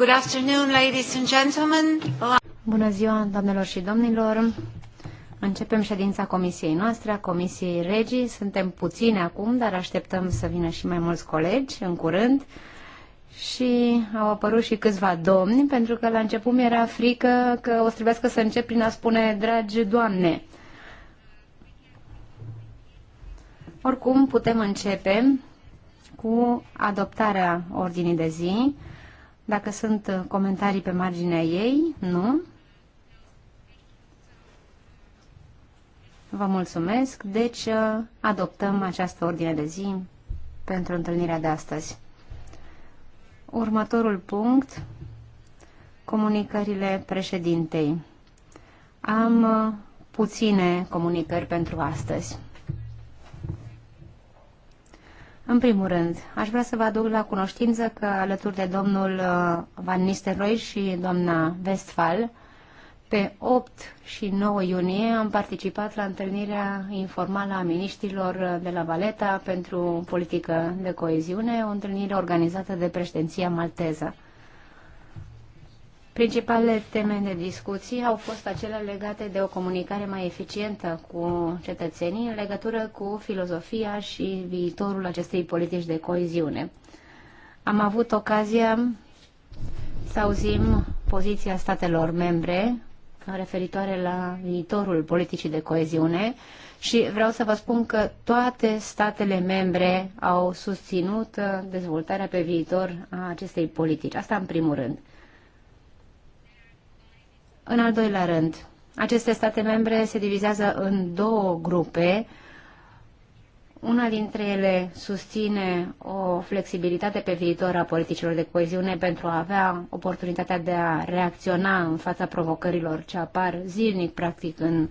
Good afternoon, ladies and gentlemen. Bună ziua, doamnelor și domnilor. Începem ședința comisiei noastre, a comisiei regii. Suntem puține acum, dar așteptăm să vină și mai mulți colegi în curând. Și au apărut și câțiva domni, pentru că la început mi-era frică că o să trebuiască să încep prin a spune, dragi doamne. Oricum, putem începe cu adoptarea ordinii de zi. Dacă sunt uh, comentarii pe marginea ei, nu? Vă mulțumesc. Deci uh, adoptăm această ordine de zi pentru întâlnirea de astăzi. Următorul punct, comunicările președintei. Am uh, puține comunicări pentru astăzi. În primul rând, aș vrea să vă aduc la cunoștință că alături de domnul uh, Van Nistelrooy și doamna Westphal, pe 8 și 9 iunie am participat la întâlnirea informală a miniștrilor uh, de la Valeta pentru politică de coeziune, o întâlnire organizată de președinția malteză. Principalele teme de discuții au fost acele legate de o comunicare mai eficientă cu cetățenii în legătură cu filozofia și viitorul acestei politici de coeziune. Am avut ocazia să auzim poziția statelor membre referitoare la viitorul politicii de coeziune și vreau să vă spun că toate statele membre au susținut dezvoltarea pe viitor a acestei politici. Asta în primul rând. În al doilea rând, aceste state membre se divizează în două grupe. Una dintre ele susține o flexibilitate pe viitor a politicilor de coeziune pentru a avea oportunitatea de a reacționa în fața provocărilor ce apar zilnic, practic, în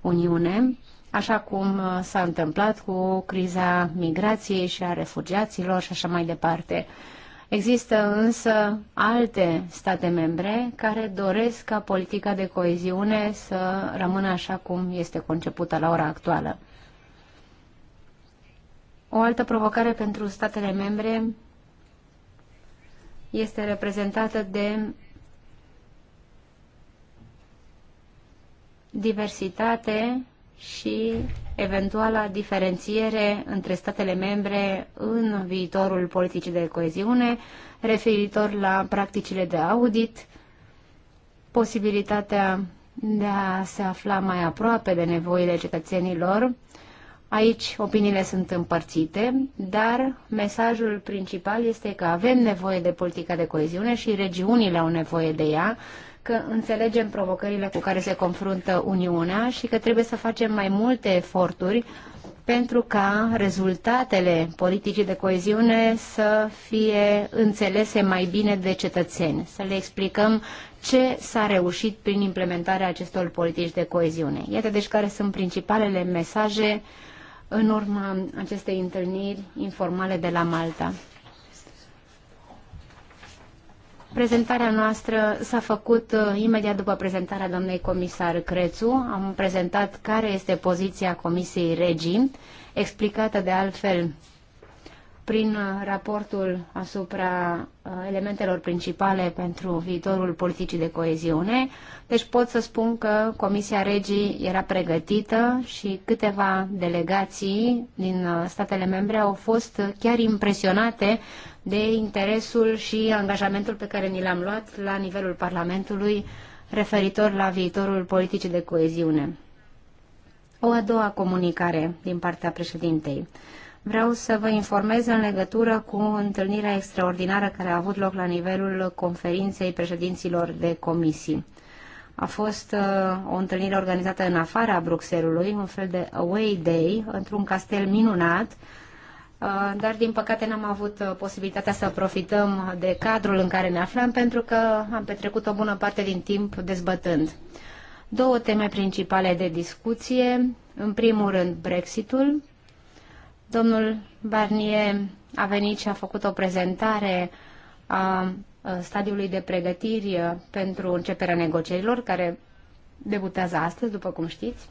Uniune, așa cum s-a întâmplat cu criza migrației și a refugiaților și așa mai departe. Uh, Există însă alte state membre care doresc ca politica de coeziune să rămână așa cum este concepută la ora actuală. O altă provocare pentru statele membre este reprezentată de diversitate și eventuala diferențiere între statele membre în viitorul politicii de coeziune, referitor la practicile de audit, posibilitatea de a se afla mai aproape de nevoile cetățenilor. Aici opiniile sunt împărțite, dar mesajul principal este că avem nevoie de politica de coeziune și regiunile au nevoie de ea că înțelegem provocările cu care se confruntă Uniunea și că trebuie să facem mai multe eforturi pentru ca rezultatele politicii de coeziune să fie înțelese mai bine de cetățeni, să le explicăm ce s-a reușit prin implementarea acestor politici de coeziune. Iată deci care sunt principalele mesaje în urma acestei întâlniri informale de la Malta. Prezentarea noastră s-a făcut uh, imediat după prezentarea doamnei comisar Crețu. Am prezentat care este poziția Comisiei Regii, explicată de altfel prin uh, raportul asupra uh, elementelor principale pentru viitorul politicii de coeziune. Deci pot să spun că Comisia Regii era pregătită și câteva delegații din statele membre au fost chiar impresionate de interesul și angajamentul pe care ni l-am luat la nivelul Parlamentului referitor la viitorul politicii de coeziune. O a doua comunicare din partea președintei. Vreau să vă informez în legătură cu întâlnirea extraordinară care a avut loc la nivelul conferinței președinților de comisii. A fost uh, o întâlnire organizată în afara Bruxelului, un fel de away day, într-un castel minunat, uh, Uh, dar din păcate n-am avut uh, posibilitatea să profităm de cadrul în care ne aflăm pentru că am petrecut o bună parte din timp dezbătând. Două teme principale de discuție. În primul rând, Brexitul. Domnul Barnier a venit și a făcut o prezentare a stadiului de pregătiri uh, pentru începerea negocierilor, care debutează astăzi, după cum știți.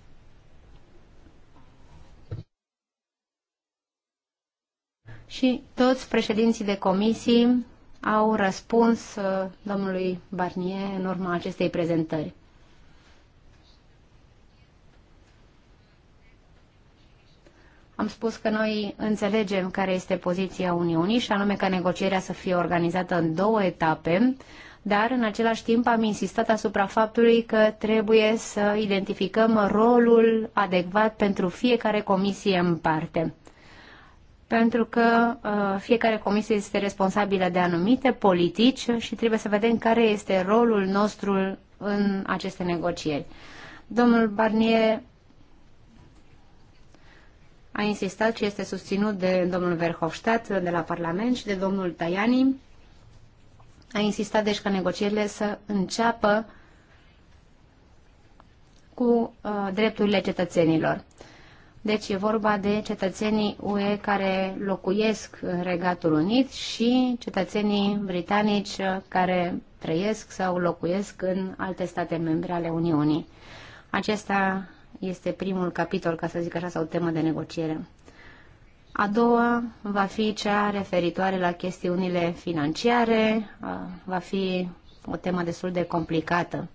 și toți președinții de comisii au răspuns uh, domnului Barnier în urma acestei prezentări. Am spus că noi înțelegem care este poziția Uniunii și anume ca negocierea să fie organizată în două etape, dar în același timp am insistat asupra faptului că trebuie să identificăm rolul adecvat pentru fiecare comisie în parte pentru că uh, fiecare comisie este responsabilă de anumite politici și trebuie să vedem care este rolul nostru în aceste negocieri. Domnul Barnier a insistat și este susținut de domnul Verhofstadt de la Parlament și de domnul Tajani. A insistat deci ca negocierile să înceapă cu uh, drepturile cetățenilor. Deci e vorba de cetățenii UE care locuiesc în Regatul Unit și cetățenii britanici care trăiesc sau locuiesc în alte state membre ale Uniunii. Acesta este primul capitol, ca să zic așa, sau temă de negociere. A doua va fi cea referitoare la chestiunile financiare, va fi o temă destul de complicată.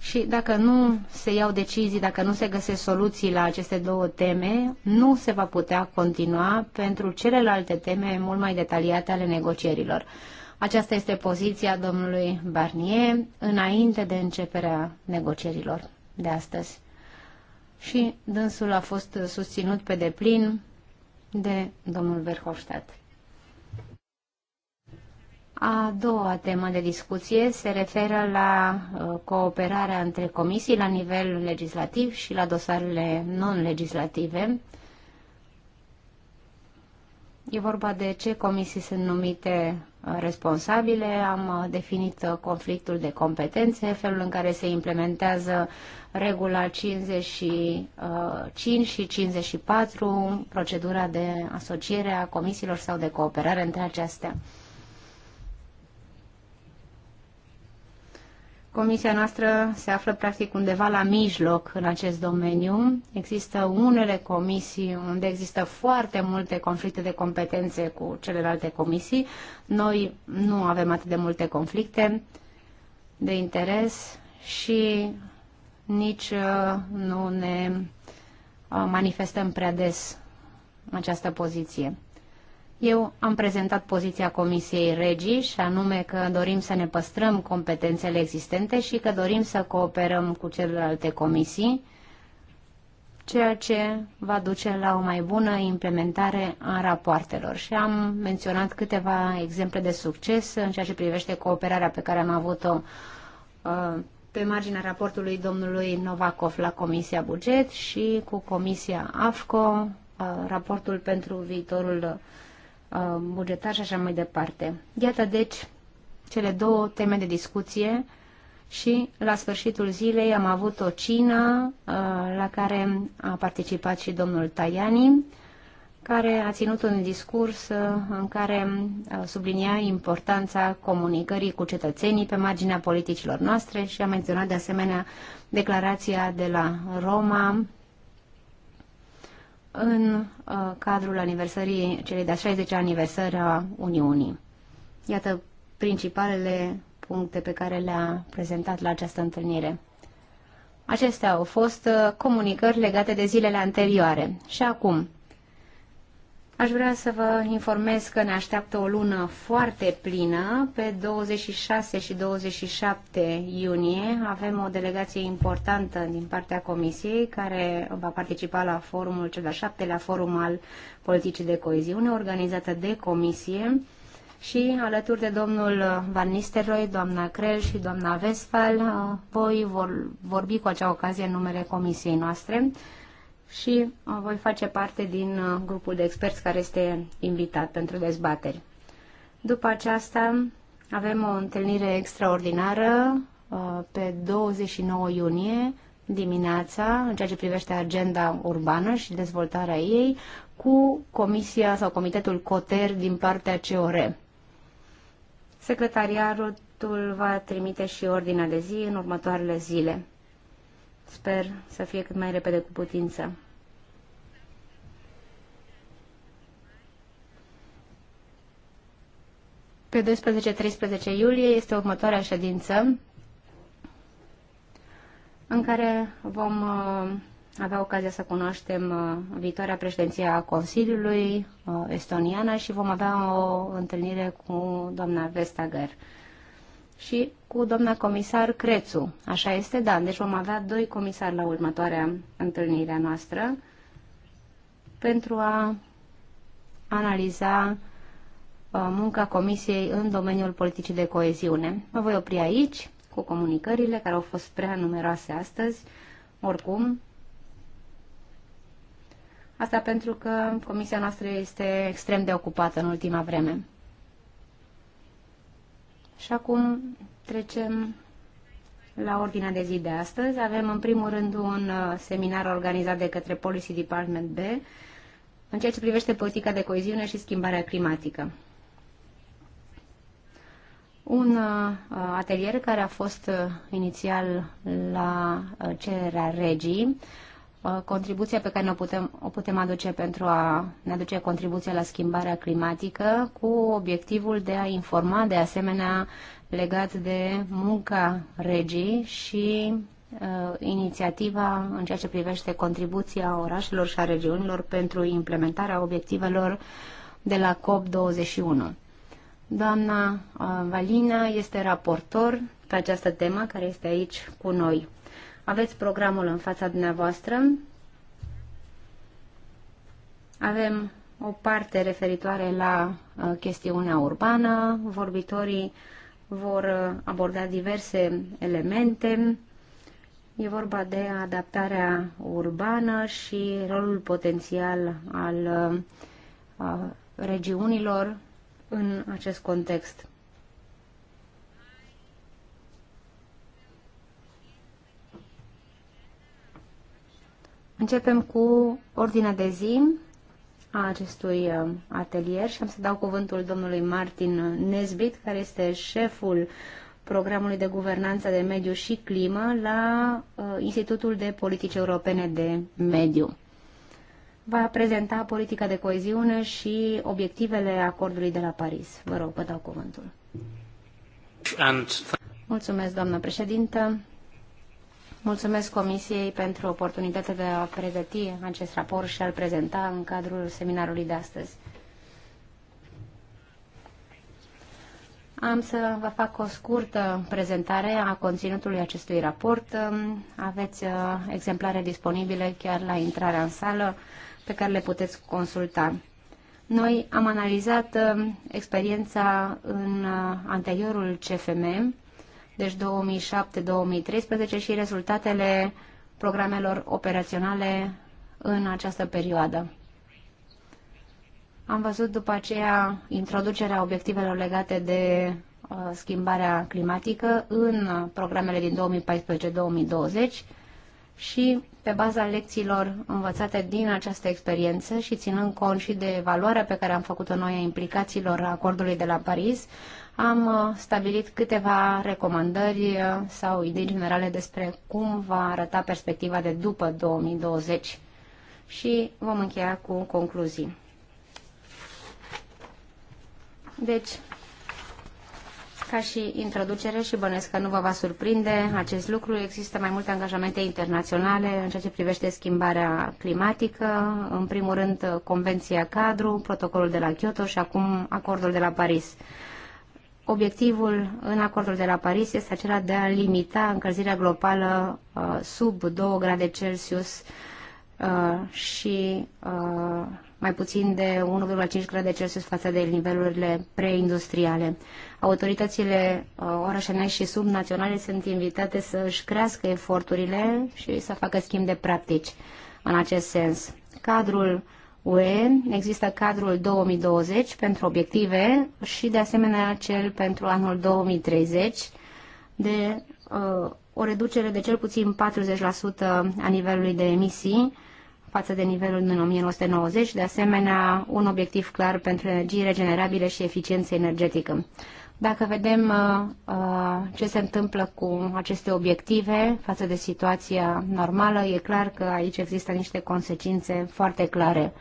Și dacă nu se iau decizii, dacă nu se găsesc soluții la aceste două teme, nu se va putea continua pentru celelalte teme mult mai detaliate ale negocierilor. Aceasta este poziția domnului Barnier înainte de începerea negocierilor de astăzi. Și dânsul a fost susținut pe deplin de domnul Verhofstadt. A doua temă de discuție se referă la uh, cooperarea între comisii la nivel legislativ și la dosarele non-legislative. E vorba de ce comisii sunt numite uh, responsabile, am uh, definit conflictul de competențe, felul în care se implementează regula 55 și 54, procedura de asociere a comisiilor sau de cooperare între acestea. Comisia noastră se află practic undeva la mijloc în acest domeniu. Există unele comisii unde există foarte multe conflicte de competențe cu celelalte comisii. Noi nu avem atât de multe conflicte de interes și nici uh, nu ne uh, manifestăm prea des această poziție. Eu am prezentat poziția Comisiei Regii și anume că dorim să ne păstrăm competențele existente și că dorim să cooperăm cu celelalte comisii, ceea ce va duce la o mai bună implementare a rapoartelor. Și am menționat câteva exemple de succes în ceea ce privește cooperarea pe care am avut-o uh, pe marginea raportului domnului Novakov la Comisia Buget și cu Comisia AFCO, uh, raportul pentru viitorul Uh, bugetar și așa mai departe. Iată, deci, cele două teme de discuție și la sfârșitul zilei am avut o cină uh, la care a participat și domnul Tajani, care a ținut un discurs uh, în care sublinia importanța comunicării cu cetățenii pe marginea politicilor noastre și a menționat de asemenea declarația de la Roma în uh, cadrul aniversării celei de-a 60 aniversări a Uniunii. Iată principalele puncte pe care le-a prezentat la această întâlnire. Acestea au fost uh, comunicări legate de zilele anterioare. Și acum, Aș vrea să vă informez că ne așteaptă o lună foarte plină. Pe 26 și 27 iunie avem o delegație importantă din partea Comisiei care va participa la forumul cel de-al șaptelea forum al politicii de coeziune organizată de Comisie și alături de domnul Van Nistelrooy, doamna Crel și doamna Vesfal uh, voi vorbi cu acea ocazie în numele Comisiei noastre și uh, voi face parte din uh, grupul de experți care este invitat pentru dezbateri. După aceasta avem o întâlnire extraordinară uh, pe 29 iunie dimineața în ceea ce privește agenda urbană și dezvoltarea ei cu Comisia sau Comitetul COTER din partea COR. Secretariatul va trimite și ordinea de zi în următoarele zile. Sper să fie cât mai repede cu putință. Pe 12-13 iulie este următoarea ședință în care vom uh, avea ocazia să cunoaștem uh, viitoarea președinție a Consiliului uh, estoniană și vom avea o întâlnire cu doamna Vestager și cu doamna comisar Crețu. Așa este, da, deci vom avea doi comisari la următoarea întâlnire noastră pentru a analiza uh, munca Comisiei în domeniul politicii de coeziune. Mă voi opri aici cu comunicările care au fost prea numeroase astăzi. Oricum, Asta pentru că comisia noastră este extrem de ocupată în ultima vreme. Și acum trecem la ordinea de zi de astăzi. Avem în primul rând un uh, seminar organizat de către Policy Department B în ceea ce privește politica de coeziune și schimbarea climatică. Un uh, atelier care a fost uh, inițial la cererea regii Uh, contribuția pe care o putem, o putem aduce pentru a ne aduce contribuția la schimbarea climatică cu obiectivul de a informa de asemenea legat de munca regii și uh, inițiativa în ceea ce privește contribuția orașelor și a regiunilor pentru implementarea obiectivelor de la COP21. Doamna uh, Valina este raportor pe această temă care este aici cu noi. Aveți programul în fața dumneavoastră. Avem o parte referitoare la uh, chestiunea urbană. Vorbitorii vor uh, aborda diverse elemente. E vorba de adaptarea urbană și rolul potențial al uh, regiunilor în acest context. Începem cu ordinea de zi a acestui uh, atelier și am să dau cuvântul domnului Martin Nesbit, care este șeful programului de guvernanță de mediu și climă la uh, Institutul de Politici Europene de Mediu. Va prezenta politica de coeziune și obiectivele acordului de la Paris. Vă rog, vă dau cuvântul. Mulțumesc, doamnă președintă. Mulțumesc Comisiei pentru oportunitatea de a pregăti acest raport și a-l prezenta în cadrul seminarului de astăzi. Am să vă fac o scurtă prezentare a conținutului acestui raport. Aveți uh, exemplare disponibile chiar la intrarea în sală pe care le puteți consulta. Noi am analizat uh, experiența în uh, anteriorul CFM deci 2007-2013 și rezultatele programelor operaționale în această perioadă. Am văzut după aceea introducerea obiectivelor legate de uh, schimbarea climatică în programele din 2014-2020 și pe baza lecțiilor învățate din această experiență și ținând cont și de evaluarea pe care am făcut-o noi a implicațiilor acordului de la Paris, am uh, stabilit câteva recomandări uh, sau idei generale despre cum va arăta perspectiva de după 2020 și vom încheia cu concluzii. Deci, ca și introducere și bănesc că nu vă va surprinde acest lucru, există mai multe angajamente internaționale în ceea ce privește schimbarea climatică, în primul rând uh, Convenția Cadru, protocolul de la Kyoto și acum acordul de la Paris. Obiectivul în acordul de la Paris este acela de a limita încălzirea globală uh, sub 2 grade Celsius uh, și mai puțin de 1,5 grade Celsius față de nivelurile preindustriale. Autoritățile uh, orașenești și subnaționale sunt invitate să își crească eforturile și să facă schimb de practici în acest sens. Cadrul UE există cadrul 2020 pentru obiective și de asemenea cel pentru anul 2030 de uh, o reducere de cel puțin 40% a nivelului de emisii față de nivelul din 1990, de asemenea un obiectiv clar pentru energii regenerabile și eficiență energetică. Dacă vedem uh, uh, ce se întâmplă cu aceste obiective față de situația normală, e clar că aici există niște consecințe foarte clare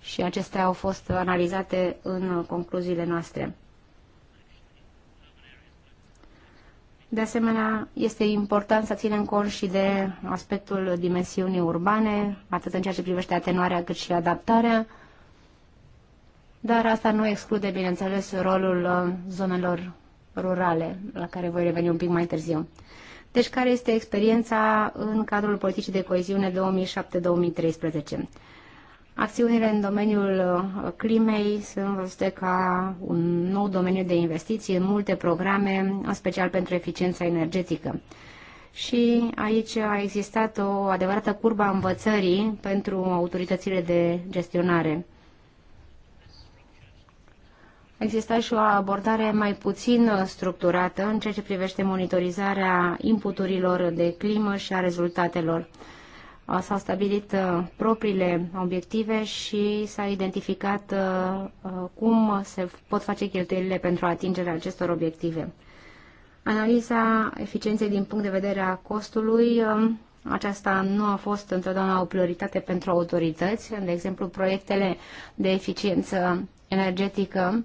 și acestea au fost analizate în concluziile noastre. De asemenea, este important să ținem cont și de aspectul dimensiunii urbane, atât în ceea ce privește atenuarea cât și adaptarea, dar asta nu exclude, bineînțeles, rolul uh, zonelor rurale, la care voi reveni un pic mai târziu. Deci, care este experiența în cadrul politicii de coeziune 2007-2013? Acțiunile în domeniul uh, climei sunt văzute ca un nou domeniu de investiții în multe programe, în special pentru eficiența energetică. Și aici a existat o adevărată curba învățării pentru autoritățile de gestionare. Exista și o abordare mai puțin structurată în ceea ce privește monitorizarea inputurilor de climă și a rezultatelor s-au stabilit uh, propriile obiective și s-a identificat uh, uh, cum se pot face cheltuielile pentru atingerea acestor obiective. Analiza eficienței din punct de vedere a costului, um, aceasta nu a fost întotdeauna o prioritate pentru autorități. De exemplu, proiectele de eficiență energetică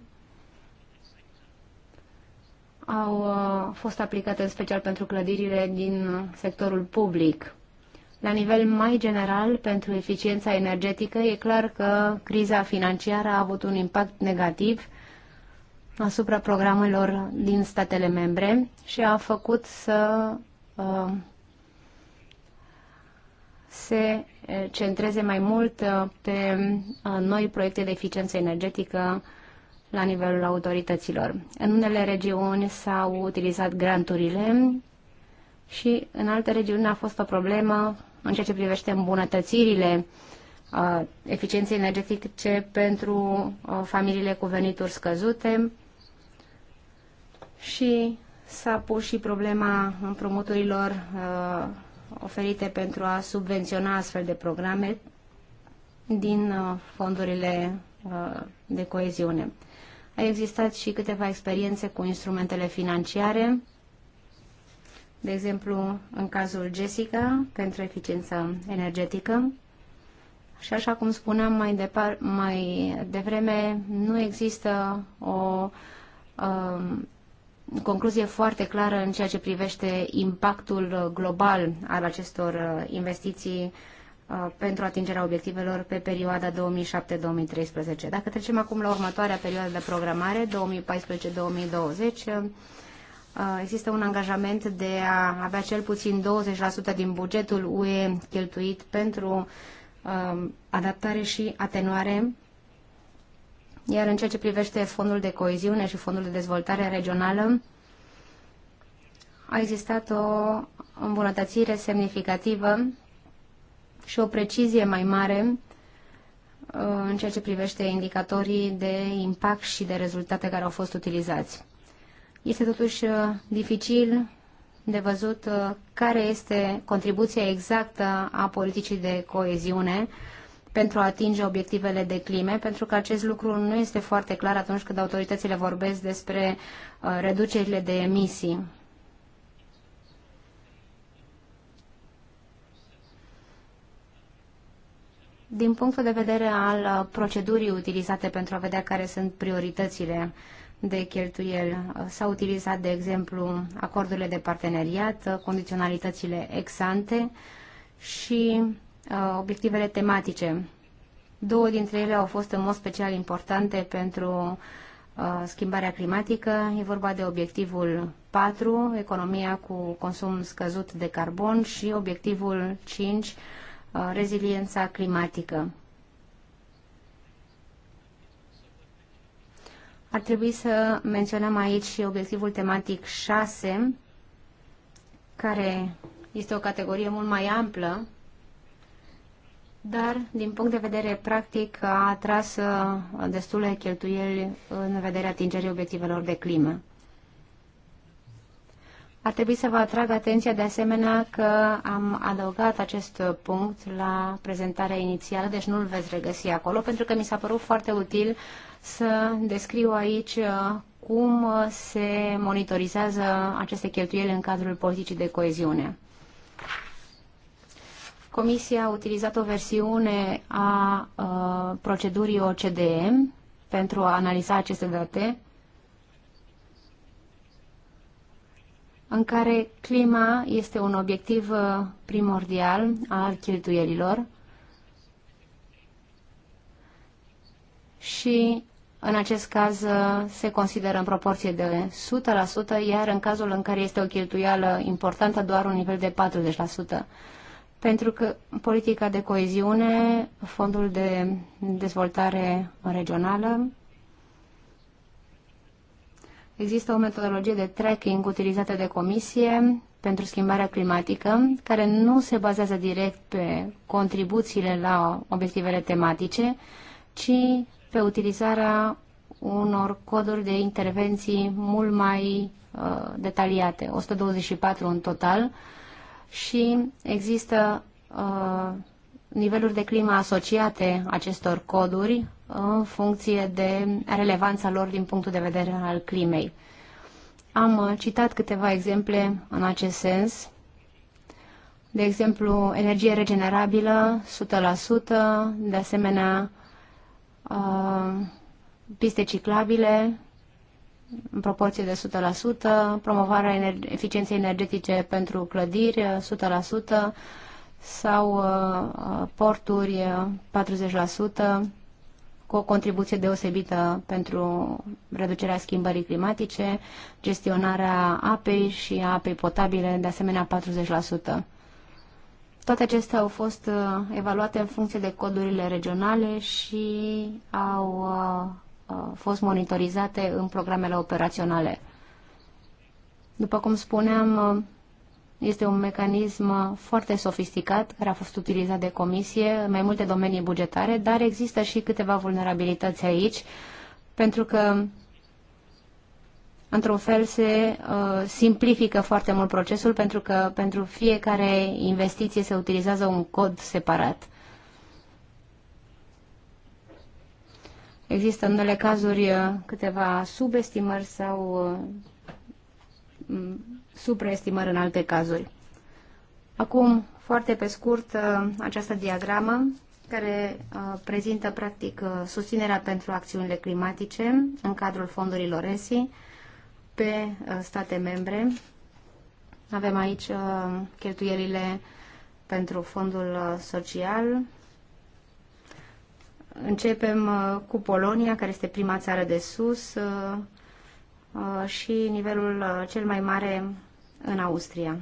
au fost aplicate în special pentru clădirile din sectorul public. La nivel mai general, pentru eficiența energetică, e clar că criza financiară a avut un impact negativ asupra programelor din statele membre și a făcut să uh, se eh, centreze mai mult uh, pe uh, noi proiecte de eficiență energetică la nivelul autorităților. În unele regiuni s-au utilizat granturile și în alte regiuni a fost o problemă în ceea ce privește îmbunătățirile uh, eficienței energetice pentru uh, familiile cu venituri scăzute și s-a pus și problema împrumuturilor uh, oferite pentru a subvenționa astfel de programe din fondurile de coeziune. A existat și câteva experiențe cu instrumentele financiare de exemplu în cazul Jessica pentru eficiența energetică. Și așa cum spuneam mai, depar, mai devreme, nu există o um, concluzie foarte clară în ceea ce privește impactul global al acestor uh, investiții uh, pentru atingerea obiectivelor pe perioada 2007-2013. Dacă trecem acum la următoarea perioadă de programare, 2014-2020, Uh, există un angajament de a avea cel puțin 20% din bugetul UE cheltuit pentru um, adaptare și atenuare iar în ceea ce privește fondul de coeziune și fondul de dezvoltare regională, a existat o îmbunătățire semnificativă și o precizie mai mare uh, în ceea ce privește indicatorii de impact și de rezultate care au fost utilizați. Este totuși uh, dificil de văzut uh, care este contribuția exactă a politicii de coeziune pentru a atinge obiectivele de clime, pentru că acest lucru nu este foarte clar atunci când autoritățile vorbesc despre uh, reducerile de emisii. Din punctul de vedere al procedurii utilizate pentru a vedea care sunt prioritățile de cheltuieli. S-au utilizat, de exemplu, acordurile de parteneriat, condiționalitățile ex-ante și uh, obiectivele tematice. Două dintre ele au fost în mod special importante pentru uh, schimbarea climatică. E vorba de obiectivul 4, economia cu consum scăzut de carbon și obiectivul 5, uh, reziliența climatică. Ar trebui să menționăm aici și obiectivul tematic 6, care este o categorie mult mai amplă, dar din punct de vedere practic a atras uh, destule cheltuieli în vederea atingerii obiectivelor de climă. Ar trebui să vă atrag atenția de asemenea că am adăugat acest punct la prezentarea inițială, deci nu-l veți regăsi acolo, pentru că mi s-a părut foarte util să descriu aici uh, cum uh, se monitorizează aceste cheltuieli în cadrul politicii de coeziune. Comisia a utilizat o versiune a, a uh, procedurii OCDM pentru a analiza aceste date, în care clima este un obiectiv primordial al cheltuielilor și în acest caz uh, se consideră în proporție de 100%, iar în cazul în care este o cheltuială importantă, doar un nivel de 40%. Pentru că politica de coeziune, fondul de dezvoltare regională, există o metodologie de tracking utilizată de comisie pentru schimbarea climatică, care nu se bazează direct pe contribuțiile la obiectivele tematice, ci pe utilizarea unor coduri de intervenții mult mai uh, detaliate, 124 în total, și există uh, niveluri de climă asociate acestor coduri în funcție de relevanța lor din punctul de vedere al climei. Am uh, citat câteva exemple în acest sens. De exemplu, energie regenerabilă, 100%, de asemenea, Uh, piste ciclabile în proporție de 100%, promovarea eficienței energetice pentru clădiri 100% uh, sau uh, porturi 40% cu o contribuție deosebită pentru reducerea schimbării climatice, gestionarea apei și a apei potabile, de asemenea 40%. Toate acestea au fost uh, evaluate în funcție de codurile regionale și au uh, uh, fost monitorizate în programele operaționale. După cum spuneam, este un mecanism foarte sofisticat care a fost utilizat de comisie în mai multe domenii bugetare, dar există și câteva vulnerabilități aici, pentru că într-un fel se uh, simplifică foarte mult procesul pentru că pentru fiecare investiție se utilizează un cod separat. Există în unele cazuri uh, câteva subestimări sau uh, supraestimări în alte cazuri. Acum, foarte pe scurt, uh, această diagramă care uh, prezintă practic uh, susținerea pentru acțiunile climatice în cadrul fondurilor ESI, pe uh, state membre. Avem aici uh, cheltuielile pentru fondul uh, social. Începem cu Polonia, care este prima țară de sus și nivelul cel mai mare în Austria.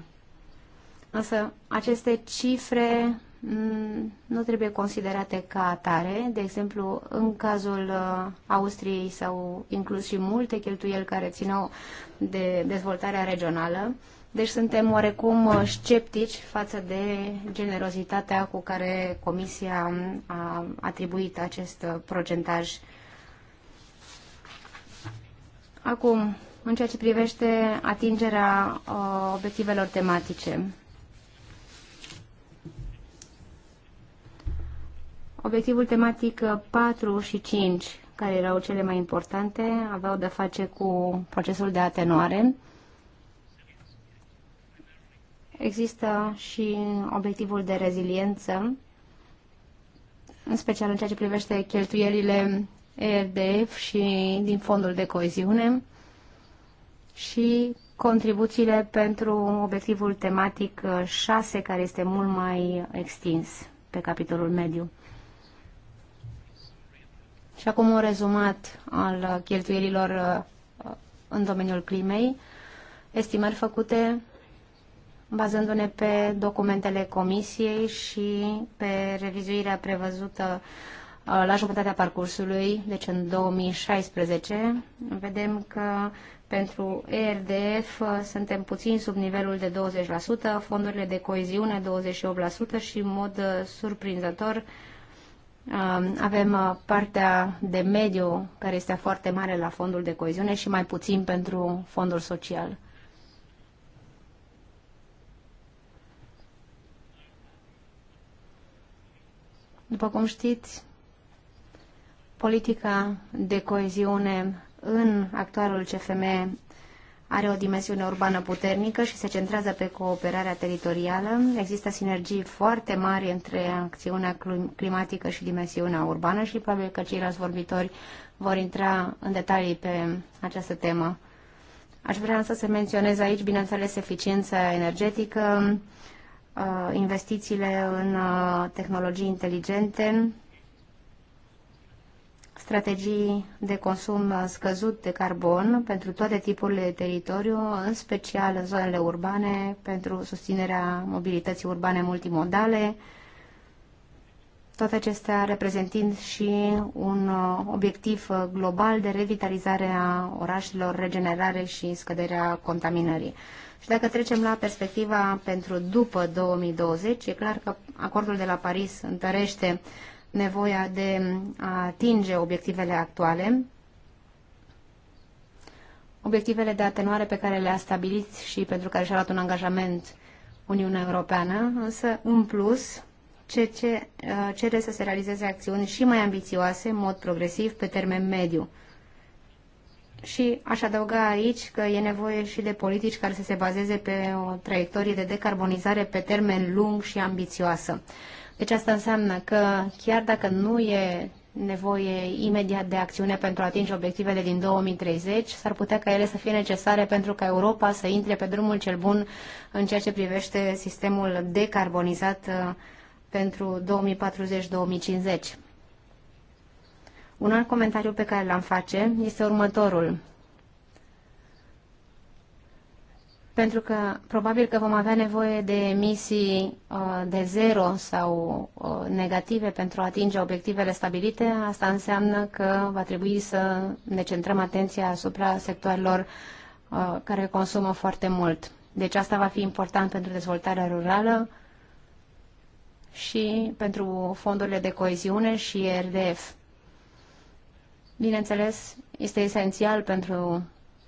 Însă aceste cifre Mm, nu trebuie considerate ca atare. De exemplu, în cazul uh, Austriei s-au inclus și multe cheltuieli care țineau de dezvoltarea regională. Deci suntem oarecum uh, sceptici față de generozitatea cu care Comisia um, a atribuit acest uh, procentaj. Acum, în ceea ce privește atingerea obiectivelor tematice. Obiectivul tematic 4 uh, și 5, care erau cele mai importante, aveau de face cu procesul de atenuare. Există și obiectivul de reziliență, în special în ceea ce privește cheltuielile ERDF și din fondul de coeziune și contribuțiile pentru obiectivul tematic 6, uh, care este mult mai extins pe capitolul mediu. Și acum un rezumat al cheltuielilor uh, uh, în domeniul climei, estimări făcute bazându-ne pe documentele comisiei și pe revizuirea prevăzută uh, la jumătatea parcursului, deci în 2016, vedem că pentru ERDF suntem puțin sub nivelul de 20%, fondurile de coeziune 28% și în mod surprinzător Um, avem uh, partea de mediu, care este foarte mare la fondul de coeziune și mai puțin pentru fondul social. După cum știți, politica de coeziune în actualul CFM are o dimensiune urbană puternică și se centrează pe cooperarea teritorială. Există sinergii foarte mari între acțiunea climatică și dimensiunea urbană și probabil că ceilalți vorbitori vor intra în detalii pe această temă. Aș vrea să se menționez aici, bineînțeles, eficiența energetică, uh, investițiile în uh, tehnologii inteligente, strategii de consum scăzut de carbon pentru toate tipurile de teritoriu, în special în zonele urbane, pentru susținerea mobilității urbane multimodale, toate acestea reprezentând și un uh, obiectiv uh, global de revitalizare a orașelor, regenerare și scăderea contaminării. Și dacă trecem la perspectiva pentru după 2020, e clar că acordul de la Paris întărește nevoia de a atinge obiectivele actuale, obiectivele de atenuare pe care le-a stabilit și pentru care și-a luat un angajament Uniunea Europeană, însă, în plus, ce, ce uh, cere să se realizeze acțiuni și mai ambițioase, în mod progresiv, pe termen mediu. Și aș adăuga aici că e nevoie și de politici care să se bazeze pe o traiectorie de decarbonizare pe termen lung și ambițioasă. Deci asta înseamnă că chiar dacă nu e nevoie imediat de acțiune pentru a atinge obiectivele din 2030, s-ar putea ca ele să fie necesare pentru ca Europa să intre pe drumul cel bun în ceea ce privește sistemul decarbonizat uh, pentru 2040-2050. Un alt comentariu pe care l-am face este următorul. pentru că probabil că vom avea nevoie de emisii uh, de zero sau uh, negative pentru a atinge obiectivele stabilite, asta înseamnă că va trebui să ne centrăm atenția asupra sectoarelor uh, care consumă foarte mult. Deci asta va fi important pentru dezvoltarea rurală și pentru fondurile de coeziune și RDF. Bineînțeles, este esențial pentru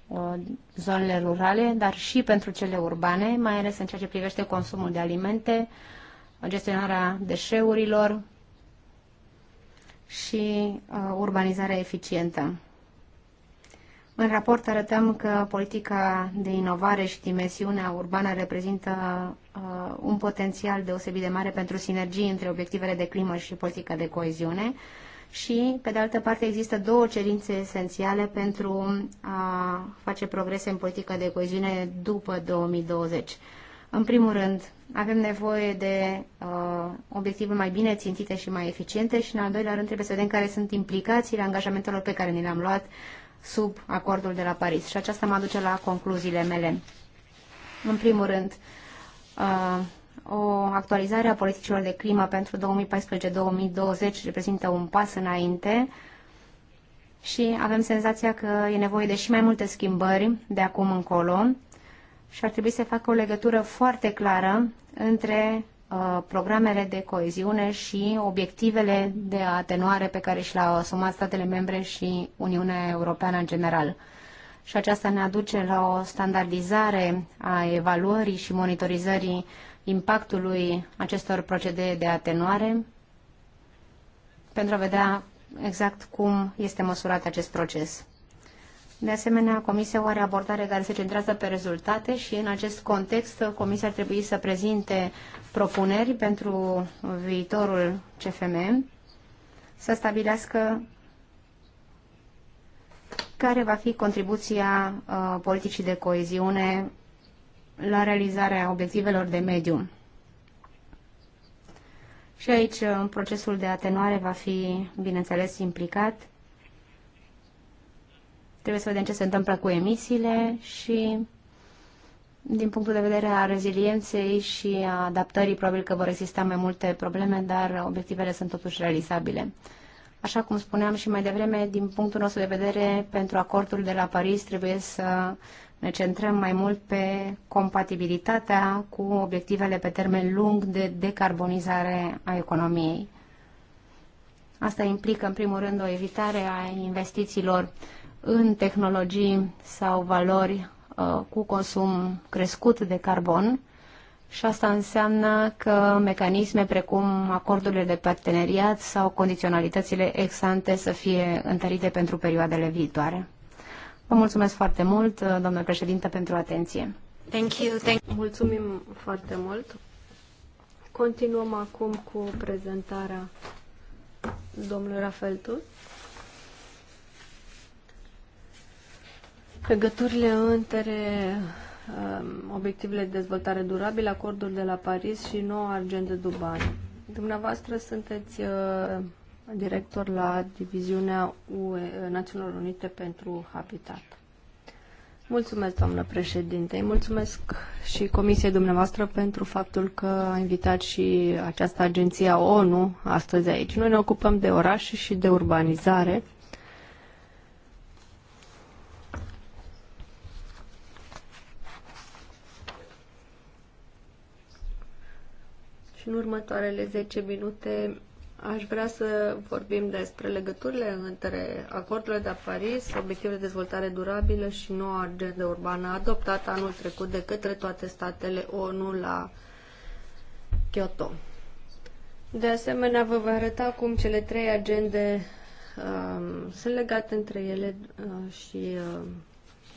Uh, zonele rurale, dar și pentru cele urbane, mai ales în ceea ce privește consumul de alimente, gestionarea deșeurilor și uh, urbanizarea eficientă. În raport arătăm că politica de inovare și dimensiunea urbană reprezintă uh, un potențial deosebit de mare pentru sinergii între obiectivele de climă și politica de coeziune și, pe de altă parte, există două cerințe esențiale pentru a face progrese în politica de coeziune după 2020. În primul rând, avem nevoie de uh, obiective mai bine țintite și mai eficiente și, în al doilea rând, trebuie să vedem care sunt implicațiile angajamentelor pe care ni le-am luat sub acordul de la Paris. Și aceasta mă aduce la concluziile mele. În primul rând, uh, o actualizare a politicilor de climă pentru 2014-2020 reprezintă un pas înainte și avem senzația că e nevoie de și mai multe schimbări de acum încolo și ar trebui să facă o legătură foarte clară între uh, programele de coeziune și obiectivele de atenuare pe care și le-au asumat statele membre și Uniunea Europeană în general și aceasta ne aduce la o standardizare a evaluării și monitorizării impactului acestor procedee de atenuare pentru a vedea exact cum este măsurat acest proces. De asemenea, Comisia are abordare care se centrează pe rezultate și în acest context Comisia ar trebui să prezinte propuneri pentru viitorul CFM, să stabilească care va fi contribuția uh, politicii de coeziune la realizarea obiectivelor de mediu. Și aici uh, procesul de atenuare va fi, bineînțeles, implicat. Trebuie să vedem ce se întâmplă cu emisiile și din punctul de vedere a rezilienței și a adaptării, probabil că vor exista mai multe probleme, dar obiectivele sunt totuși realizabile. Așa cum spuneam și mai devreme, din punctul nostru de vedere, pentru acordul de la Paris trebuie să ne centrăm mai mult pe compatibilitatea cu obiectivele pe termen lung de decarbonizare a economiei. Asta implică, în primul rând, o evitare a investițiilor în tehnologii sau valori uh, cu consum crescut de carbon și asta înseamnă că mecanisme precum acordurile de parteneriat sau condiționalitățile ex-ante să fie întărite pentru perioadele viitoare. Vă mulțumesc foarte mult, domnule președinte, pentru atenție. Thank you, thank you. Mulțumim foarte mult. Continuăm acum cu prezentarea domnului Rafael Tut. Legăturile între um, obiectivele de dezvoltare durabilă, acordul de la Paris și noua agendă Dubai. Dumneavoastră sunteți uh, director la diviziunea UE, Națiunilor Unite pentru Habitat. Mulțumesc, doamnă președinte. Mulțumesc și comisiei dumneavoastră pentru faptul că a invitat și această agenție a ONU astăzi aici. Noi ne ocupăm de orașe și de urbanizare. Și în următoarele 10 minute Aș vrea să vorbim despre legăturile între acordurile de la Paris, obiectivele de dezvoltare durabilă și noua agenda urbană adoptată anul trecut de către toate statele ONU la Kyoto. De asemenea, vă voi arăta cum cele trei agende uh, sunt legate între ele uh, și uh,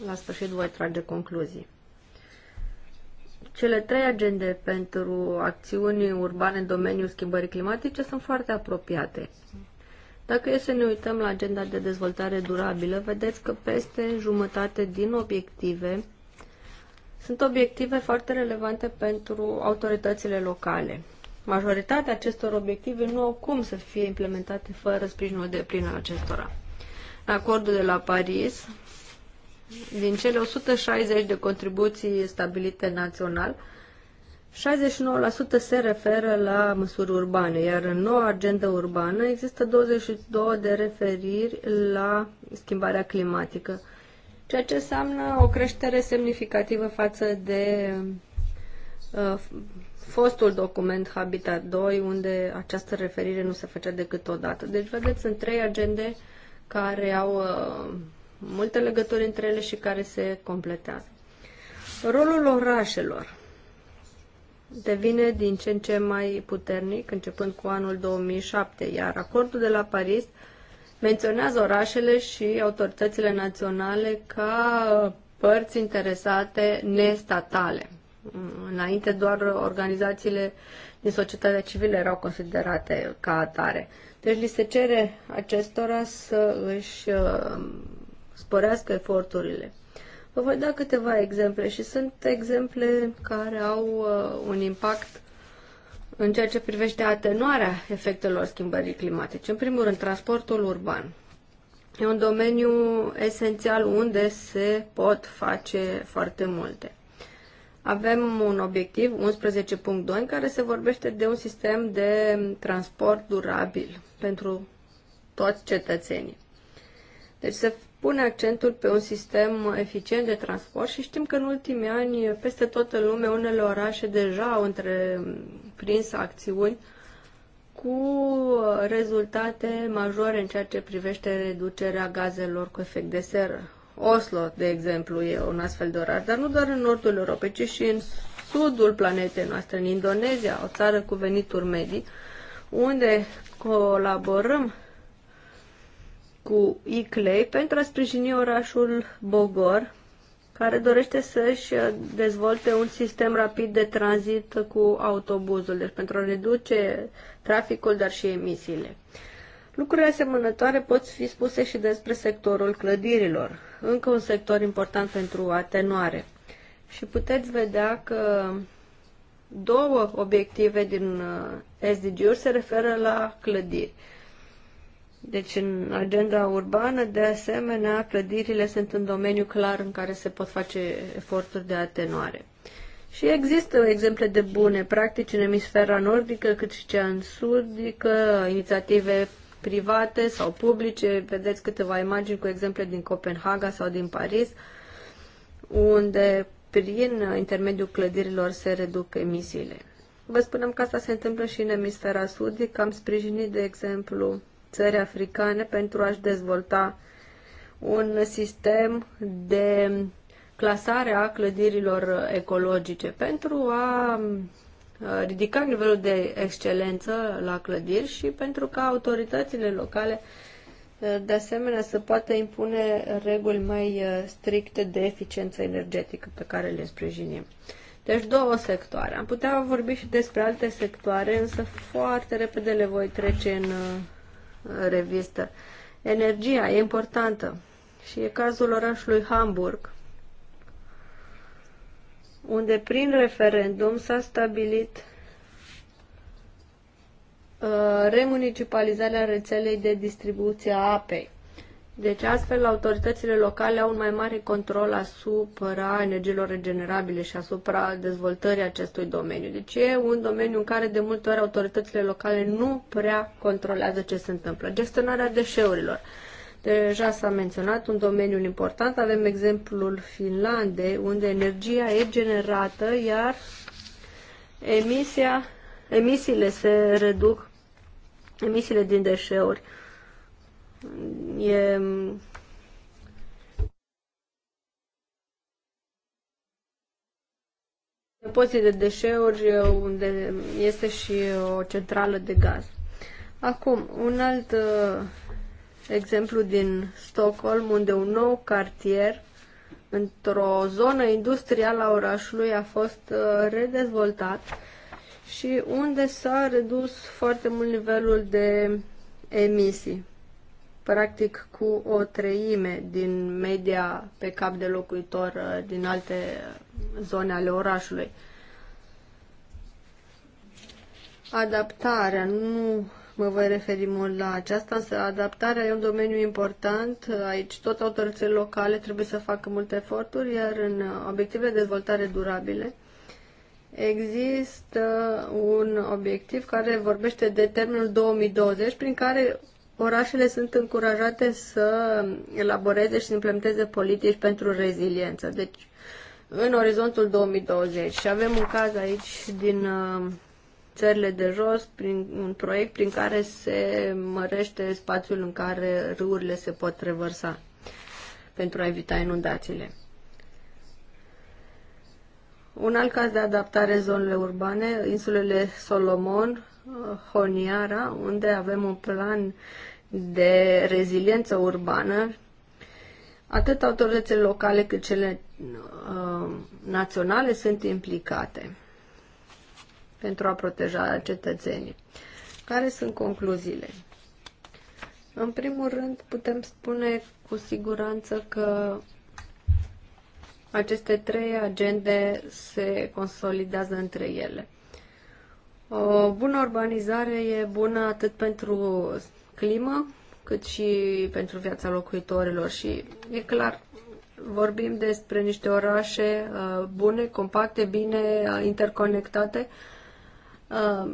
la sfârșit voi trage concluzii. Cele trei agende pentru acțiuni urbane în domeniul schimbării climatice sunt foarte apropiate. Dacă e să ne uităm la agenda de dezvoltare durabilă, vedeți că peste jumătate din obiective sunt obiective foarte relevante pentru autoritățile locale. Majoritatea acestor obiective nu au cum să fie implementate fără sprijinul de plin al acestora. Acordul de la Paris din cele 160 de contribuții stabilite național, 69% se referă la măsuri urbane, iar în noua agenda urbană există 22 de referiri la schimbarea climatică, ceea ce înseamnă o creștere semnificativă față de uh, fostul document Habitat 2, unde această referire nu se făcea decât o dată. Deci, vedeți, sunt trei agende care au uh, multe legături între ele și care se completează. Rolul orașelor devine din ce în ce mai puternic începând cu anul 2007, iar acordul de la Paris menționează orașele și autoritățile naționale ca părți interesate nestatale. Înainte doar organizațiile din societatea civilă erau considerate ca atare. Deci li se cere acestora să își uh, sporească eforturile. Vă voi da câteva exemple și sunt exemple care au uh, un impact în ceea ce privește atenuarea efectelor schimbării climatice. În primul rând, transportul urban. E un domeniu esențial unde se pot face foarte multe. Avem un obiectiv 11.2 în care se vorbește de un sistem de transport durabil pentru toți cetățenii. Deci se pune accentul pe un sistem eficient de transport și știm că în ultimii ani peste tot în lume unele orașe deja au întreprins acțiuni cu rezultate majore în ceea ce privește reducerea gazelor cu efect de seră. Oslo, de exemplu, e un astfel de oraș, dar nu doar în nordul Europei, ci și în sudul planetei noastre, în Indonezia, o țară cu venituri medii, unde colaborăm cu ICLEI pentru a sprijini orașul Bogor, care dorește să-și dezvolte un sistem rapid de tranzit cu autobuzul, deci pentru a reduce traficul, dar și emisiile. Lucrurile asemănătoare pot fi spuse și despre sectorul clădirilor, încă un sector important pentru atenuare. Și puteți vedea că două obiective din uh, SDG-uri se referă la clădiri. Deci, în agenda urbană, de asemenea, clădirile sunt un domeniu clar în care se pot face eforturi de atenuare. Și există exemple de bune practici în emisfera nordică, cât și cea în sudică, inițiative private sau publice. Vedeți câteva imagini cu exemple din Copenhaga sau din Paris, unde prin intermediul clădirilor se reduc emisiile. Vă spunem că asta se întâmplă și în emisfera sudică. Am sprijinit, de exemplu, țări africane pentru a-și dezvolta un sistem de clasare a clădirilor ecologice pentru a ridica nivelul de excelență la clădiri și pentru ca autoritățile locale de asemenea să poată impune reguli mai stricte de eficiență energetică pe care le sprijinim. Deci două sectoare. Am putea vorbi și despre alte sectoare, însă foarte repede le voi trece în revistă. Energia e importantă și e cazul orașului Hamburg, unde prin referendum s-a stabilit uh, remunicipalizarea rețelei de distribuție a apei. Deci astfel autoritățile locale au un mai mare control asupra energiilor regenerabile și asupra dezvoltării acestui domeniu. Deci e un domeniu în care de multe ori autoritățile locale nu prea controlează ce se întâmplă. Gestionarea deșeurilor. Deja s-a menționat un domeniu important, avem exemplul Finlandei, unde energia e generată, iar emisia, emisiile se reduc, emisiile din deșeuri. E... depozit de deșeuri unde este și o centrală de gaz. Acum, un alt uh, exemplu din Stockholm, unde un nou cartier într-o zonă industrială a orașului a fost uh, redezvoltat și unde s-a redus foarte mult nivelul de emisii practic cu o treime din media pe cap de locuitor uh, din alte zone ale orașului. Adaptarea, nu mă voi referi mult la aceasta, însă adaptarea e un domeniu important. Aici tot autoritățile locale trebuie să facă multe eforturi, iar în obiectivele de dezvoltare durabile există un obiectiv care vorbește de termenul 2020, prin care orașele sunt încurajate să elaboreze și să implementeze politici pentru reziliență. Deci, în orizontul 2020. Și avem un caz aici din uh, țările de jos, prin un proiect prin care se mărește spațiul în care râurile se pot revărsa pentru a evita inundațiile. Un alt caz de adaptare în zonele urbane, insulele Solomon, uh, Honiara, unde avem un plan de reziliență urbană, atât autoritățile locale cât cele uh, naționale sunt implicate pentru a proteja cetățenii. Care sunt concluziile? În primul rând, putem spune cu siguranță că aceste trei agende se consolidează între ele. O bună urbanizare e bună atât pentru climă, cât și pentru viața locuitorilor. Și e clar, vorbim despre niște orașe uh, bune, compacte, bine uh, interconectate. Uh,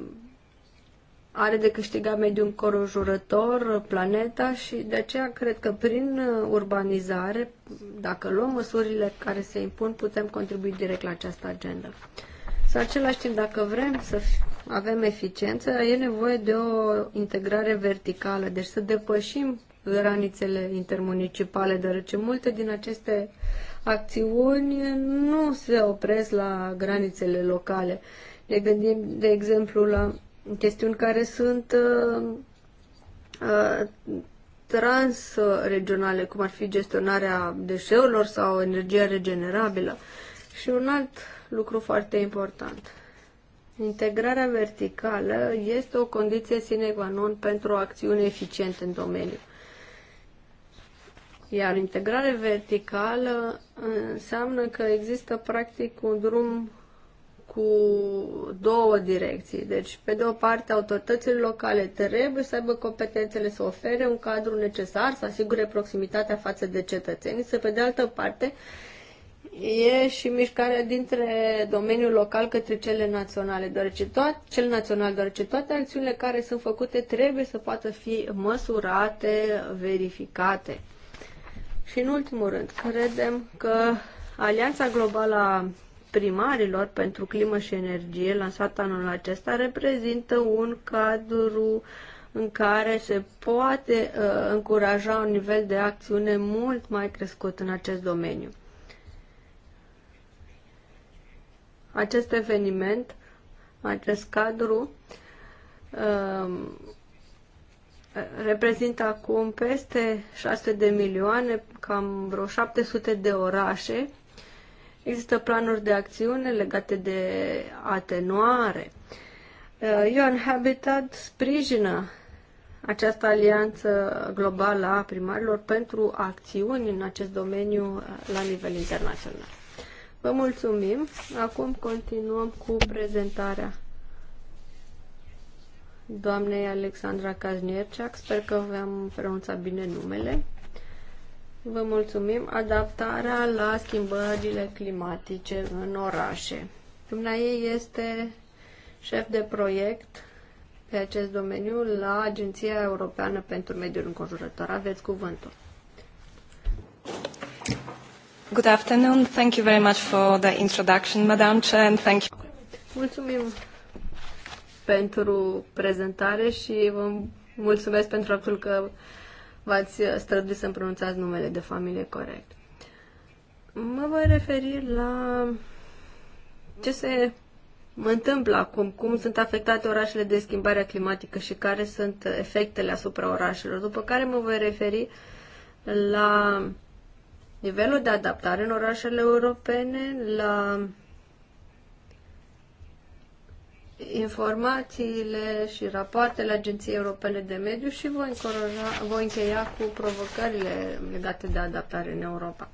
are de câștigat mediul înconjurător, uh, planeta și de aceea cred că prin uh, urbanizare, dacă luăm măsurile care se impun, putem contribui direct la această agendă. Să același timp, dacă vrem să avem eficiență, e nevoie de o integrare verticală, deci să depășim granițele intermunicipale, deoarece multe din aceste acțiuni nu se opresc la granițele locale. Ne gândim, de exemplu, la chestiuni care sunt uh, uh transregionale, cum ar fi gestionarea deșeurilor sau energia regenerabilă. Și un alt lucru foarte important. Integrarea verticală este o condiție sine qua non pentru o acțiune eficientă în domeniu. Iar integrare verticală înseamnă că există practic un drum cu două direcții. Deci, pe de o parte, autoritățile locale trebuie să aibă competențele să ofere un cadru necesar, să asigure proximitatea față de cetățeni, să pe de altă parte e și mișcarea dintre domeniul local către cele naționale, deoarece toate, cel național, deoarece toate acțiunile care sunt făcute trebuie să poată fi măsurate, verificate. Și în ultimul rând, credem că Alianța Globală a Primarilor pentru Climă și Energie, lansată anul acesta, reprezintă un cadru în care se poate uh, încuraja un nivel de acțiune mult mai crescut în acest domeniu. acest eveniment, acest cadru, um, reprezintă acum peste 600 de milioane, cam vreo 700 de orașe. Există planuri de acțiune legate de atenuare. Ion uh, Habitat sprijină această alianță globală a primarilor pentru acțiuni în acest domeniu uh, la nivel internațional. Vă mulțumim. Acum continuăm cu prezentarea doamnei Alexandra Kaznierczak. Sper că v-am pronunțat bine numele. Vă mulțumim. Adaptarea la schimbările climatice în orașe. ei este șef de proiect pe acest domeniu la Agenția Europeană pentru Mediul Înconjurător. Aveți cuvântul. Good afternoon. Thank you very much for the introduction, Madam Chair, and thank you. Mulțumim pentru prezentare și vă mulțumesc pentru faptul că v-ați străduit să-mi pronunțați numele de familie corect. Mă voi referi la ce se întâmplă acum, cum sunt afectate orașele de schimbare climatică și care sunt efectele asupra orașelor, după care mă voi referi la nivelul de adaptare în orașele europene la informațiile și rapoartele Agenției Europene de Mediu și voi, încoroja, voi încheia cu provocările legate de adaptare în Europa.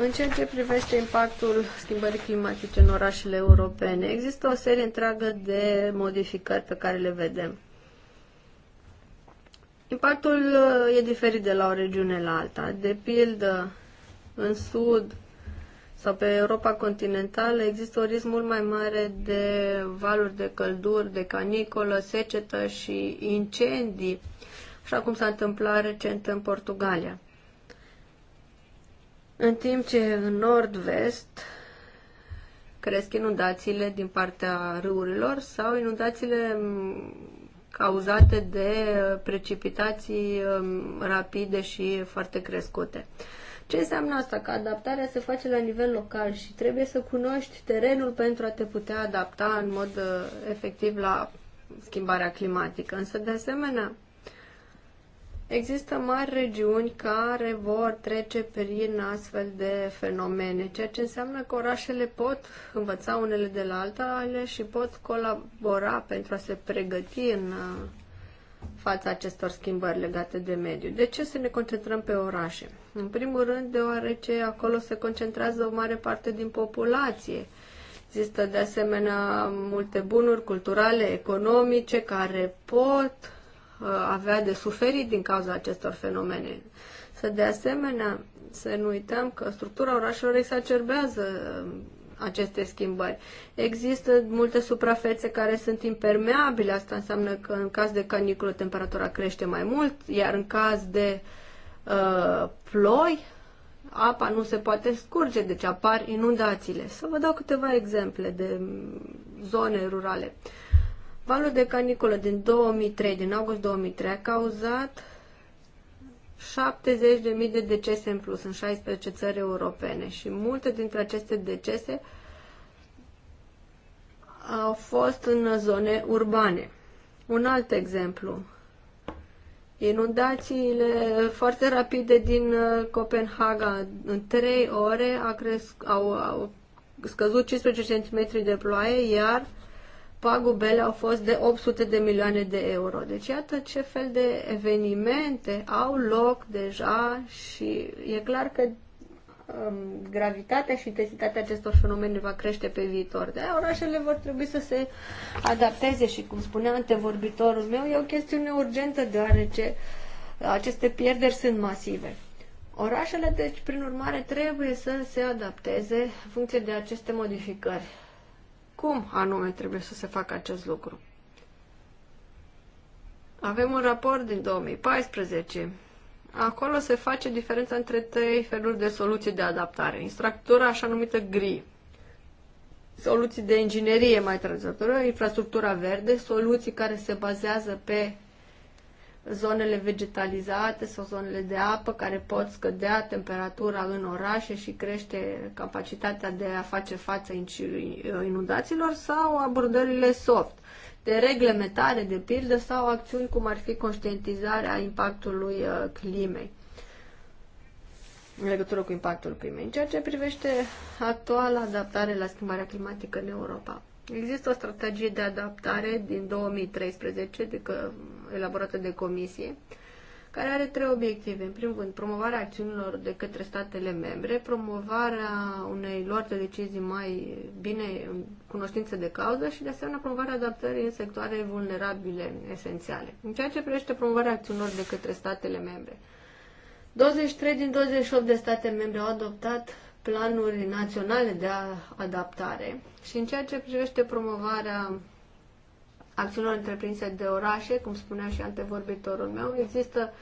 În ceea ce privește impactul schimbării climatice în orașele europene, există o serie întreagă de modificări pe care le vedem. Impactul uh, e diferit de la o regiune la alta. De pildă, în sud sau pe Europa continentală există un risc mult mai mare de valuri de călduri, de canicolă, secetă și incendii, așa cum s-a întâmplat recent în Portugalia. În timp ce în nord-vest cresc inundațiile din partea râurilor sau inundațiile cauzate de precipitații um, rapide și foarte crescute. Ce înseamnă asta? Că adaptarea se face la nivel local și trebuie să cunoști terenul pentru a te putea adapta în mod uh, efectiv la schimbarea climatică. Însă, de asemenea, Există mari regiuni care vor trece prin astfel de fenomene, ceea ce înseamnă că orașele pot învăța unele de la altele și pot colabora pentru a se pregăti în uh, fața acestor schimbări legate de mediu. De ce să ne concentrăm pe orașe? În primul rând, deoarece acolo se concentrează o mare parte din populație. Există de asemenea multe bunuri culturale, economice, care pot Uh, avea de suferit din cauza acestor fenomene. Să de asemenea, să nu uităm că structura orașelor exacerbează uh, aceste schimbări. Există multe suprafețe care sunt impermeabile, asta înseamnă că în caz de caniculă temperatura crește mai mult, iar în caz de uh, ploi apa nu se poate scurge, deci apar inundațiile. Să vă dau câteva exemple de mm, zone rurale. Uh, Valul de caniculă din 2003, din august 2003, a cauzat 70.000 de decese în plus în 16 țări europene și multe dintre aceste decese au fost în zone urbane. Un alt exemplu, inundațiile foarte rapide din uh, Copenhaga, în 3 ore cresc, au, au scăzut 15 cm de ploaie, iar pagubele au fost de 800 de milioane de euro. Deci iată ce fel de evenimente au loc deja și e clar că um, gravitatea și intensitatea acestor fenomene va crește pe viitor. De aia orașele vor trebui să se adapteze și, cum spunea antevorbitorul meu, e o chestiune urgentă deoarece aceste pierderi sunt masive. Orașele, deci, prin urmare, trebuie să se adapteze în funcție de aceste modificări cum anume trebuie să se facă acest lucru. Avem un raport din 2014. Acolo se face diferența între trei feluri de soluții de adaptare. Infrastructura așa numită gri, soluții de inginerie mai tranzactoră, infrastructura verde, soluții care se bazează pe zonele vegetalizate sau zonele de apă care pot scădea temperatura în orașe și crește capacitatea de a face față inundațiilor sau abordările soft de reglementare, de pildă, sau acțiuni cum ar fi conștientizarea impactului uh, climei în legătură cu impactul climei, în ceea ce privește actuala adaptare la schimbarea climatică în Europa. Există o strategie de adaptare din 2013 de că, elaborată de comisie care are trei obiective. În primul rând, promovarea acțiunilor de către statele membre, promovarea unei lor de decizii mai bine în cunoștință de cauză și, de asemenea, promovarea adaptării în sectoare vulnerabile esențiale. În ceea ce privește promovarea acțiunilor de către statele membre, 23 din 28 de state membre au adoptat planuri naționale de adaptare și în ceea ce privește promovarea acțiunilor întreprinse de orașe, cum spunea și antevorbitorul meu, există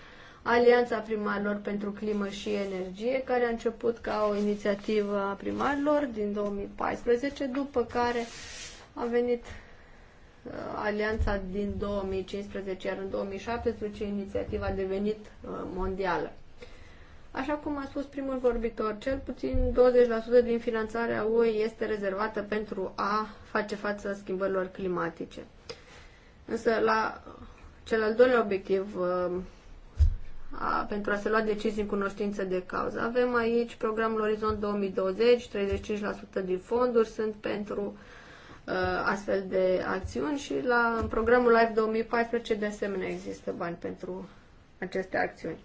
Alianța Primarilor pentru Climă și Energie, care a început ca o inițiativă a primarilor din 2014, după care a venit uh, Alianța din 2015, iar în 2017 inițiativa a devenit uh, mondială. Așa cum a spus primul vorbitor, cel puțin 20% din finanțarea UE este rezervată pentru a face față schimbărilor climatice. Însă, la cel al doilea obiectiv, a, pentru a se lua decizii în cunoștință de cauză. Avem aici programul Orizont 2020, 35% din fonduri sunt pentru uh, astfel de acțiuni și la programul LIFE 2014 de asemenea există bani pentru aceste acțiuni.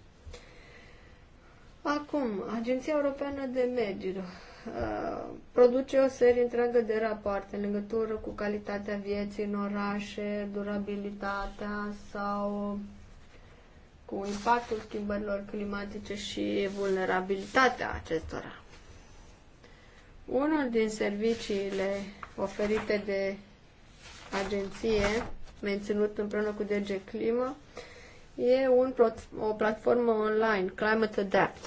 Acum, Agenția Europeană de Mediu uh, produce o serie întreagă de rapoarte în legătură cu calitatea vieții în orașe, durabilitatea sau cu impactul schimbărilor climatice și vulnerabilitatea acestora. Unul din serviciile oferite de agenție, menținut împreună cu DG Climă, E un, o platformă online, Climate Adapt,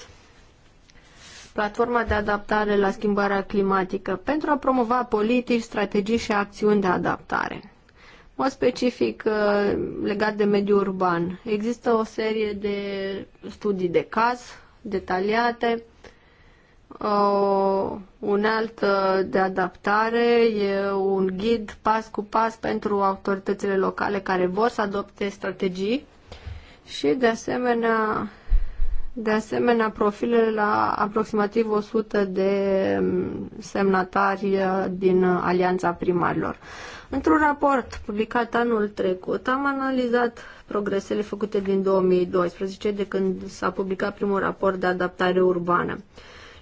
platforma de adaptare la schimbarea climatică, pentru a promova politici, strategii și acțiuni de adaptare. Mă specific uh, legat de mediul urban. Există o serie de studii de caz detaliate, o uh, unealtă uh, de adaptare, e un ghid pas cu pas pentru autoritățile locale care vor să adopte strategii și de asemenea de asemenea, profilele la aproximativ 100 de mm, semnatari uh, din Alianța Primarilor. Într-un raport publicat anul trecut am analizat progresele făcute din 2012, de când s-a publicat primul raport de adaptare urbană.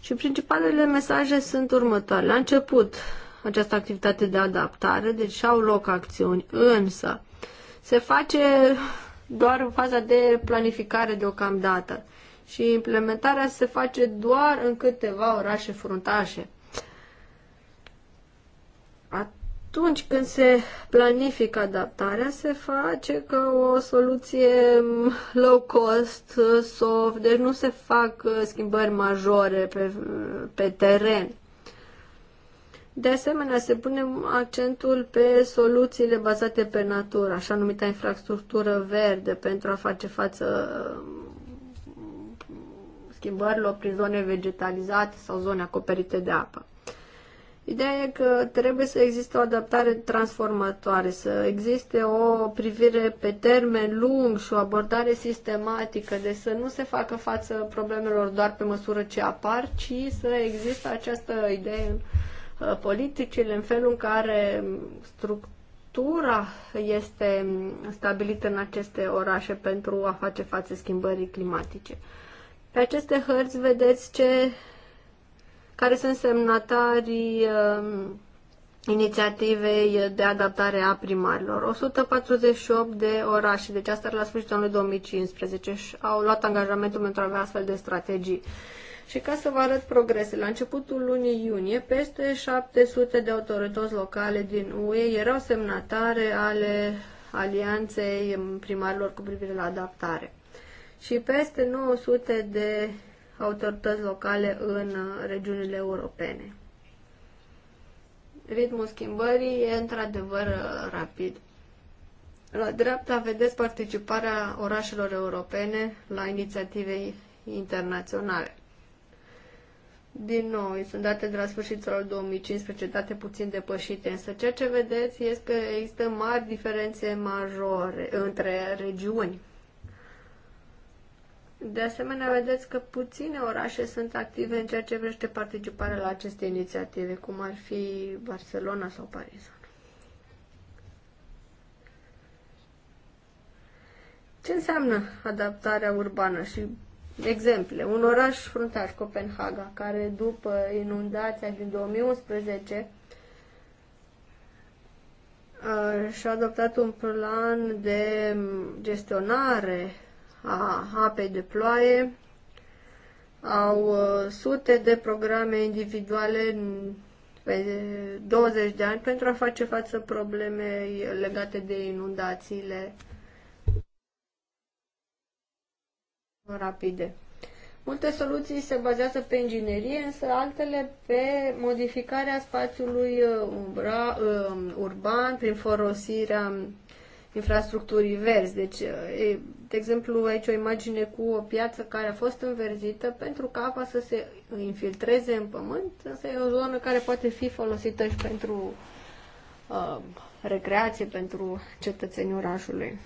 Și principalele mesaje sunt următoare. La început, această activitate de adaptare, deci au loc acțiuni, însă se face doar în faza de planificare deocamdată și implementarea se face doar în câteva orașe fruntașe. Atunci când se planifică adaptarea, se face ca o soluție low cost, soft, deci nu se fac uh, schimbări majore pe, pe teren. De asemenea, se pune accentul pe soluțiile bazate pe natură, așa numita infrastructură verde, pentru a face față um, schimbărilor prin zone vegetalizate sau zone acoperite de apă. Ideea e că trebuie să existe o adaptare transformatoare, să existe o privire pe termen lung și o abordare sistematică, de deci să nu se facă față problemelor doar pe măsură ce apar, ci să există această idee în Uh, politicile, în felul în care structura este stabilită în aceste orașe pentru a face față schimbării climatice. Pe aceste hărți vedeți ce, care sunt semnatarii uh, inițiativei de adaptare a primarilor. 148 de orașe, deci asta la sfârșitul anului 2015, au luat angajamentul pentru a avea astfel de strategii. Și ca să vă arăt progresele, la începutul lunii iunie, peste 700 de autorități locale din UE erau semnatare ale alianței primarilor cu privire la adaptare și peste 900 de autorități locale în regiunile europene. Ritmul schimbării e într-adevăr rapid. La dreapta vedeți participarea orașelor europene la inițiative internaționale. Din nou, sunt date de la sfârșitul 2015, date puțin depășite, însă ceea ce vedeți este că există mari diferențe majore între regiuni. De asemenea, vedeți că puține orașe sunt active în ceea ce vrește participarea la aceste inițiative, cum ar fi Barcelona sau Paris. Ce înseamnă adaptarea urbană și exemple, un oraș fruntaș, Copenhaga, care după inundația din 2011 și-a adoptat un plan de gestionare a apei de ploaie, au sute de programe individuale pe 20 de ani pentru a face față problemei legate de inundațiile rapide. Multe soluții se bazează pe inginerie, însă altele pe modificarea spațiului uh, umbra, uh, urban prin folosirea infrastructurii verzi. Deci, uh, de exemplu, aici o imagine cu o piață care a fost înverzită pentru ca apa să se infiltreze în pământ, însă e o zonă care poate fi folosită și pentru uh, recreație, pentru cetățenii orașului.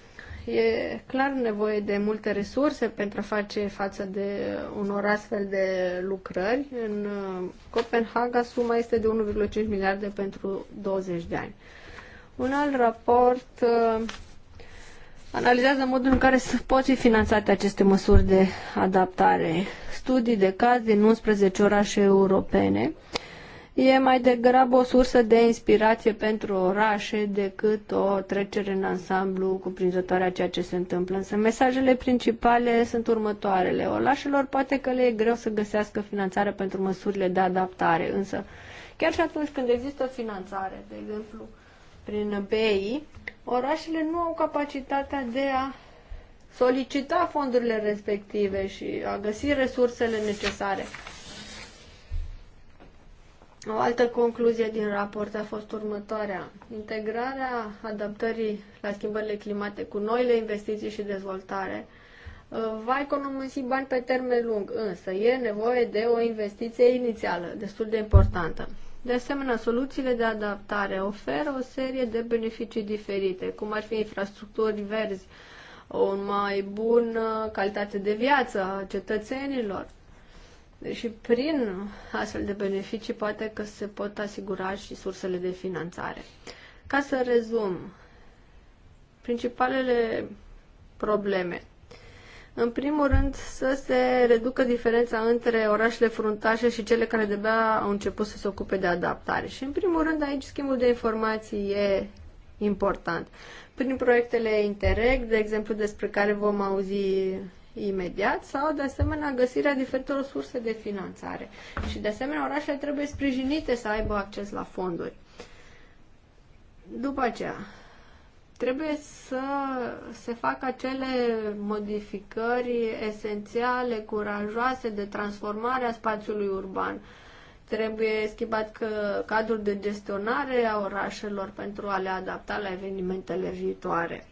E clar nevoie de multe resurse pentru a face față de unor astfel de lucrări. În uh, Copenhaga suma este de 1,5 miliarde pentru 20 de ani. Un alt raport uh, analizează modul în care pot fi finanțate aceste măsuri de adaptare. Studii de caz din 11 orașe europene e mai degrabă o sursă de inspirație pentru orașe decât o trecere în ansamblu cuprinzătoare a ceea ce se întâmplă. Însă mesajele principale sunt următoarele. Orașelor poate că le e greu să găsească finanțare pentru măsurile de adaptare, însă chiar și atunci când există finanțare, de exemplu prin BI, orașele nu au capacitatea de a solicita fondurile respective și a găsi resursele necesare. O altă concluzie din raport a fost următoarea. Integrarea adaptării la schimbările climate cu noile investiții și dezvoltare uh, va economisi bani pe termen lung, însă e nevoie de o investiție inițială destul de importantă. De asemenea, soluțiile de adaptare oferă o serie de beneficii diferite, cum ar fi infrastructuri verzi, o mai bună calitate de viață a cetățenilor, și prin astfel de beneficii poate că se pot asigura și sursele de finanțare. Ca să rezum, principalele probleme. În primul rând, să se reducă diferența între orașele fruntașe și cele care de-abia au început să se ocupe de adaptare. Și în primul rând, aici schimbul de informații e important. Prin proiectele Interreg, de exemplu, despre care vom auzi imediat sau, de asemenea, găsirea diferitelor surse de finanțare. Și, de asemenea, orașele trebuie sprijinite să aibă acces la fonduri. După aceea, trebuie să se facă acele modificări esențiale, curajoase de transformare a spațiului urban. Trebuie schimbat că cadrul de gestionare a orașelor pentru a le adapta la evenimentele viitoare.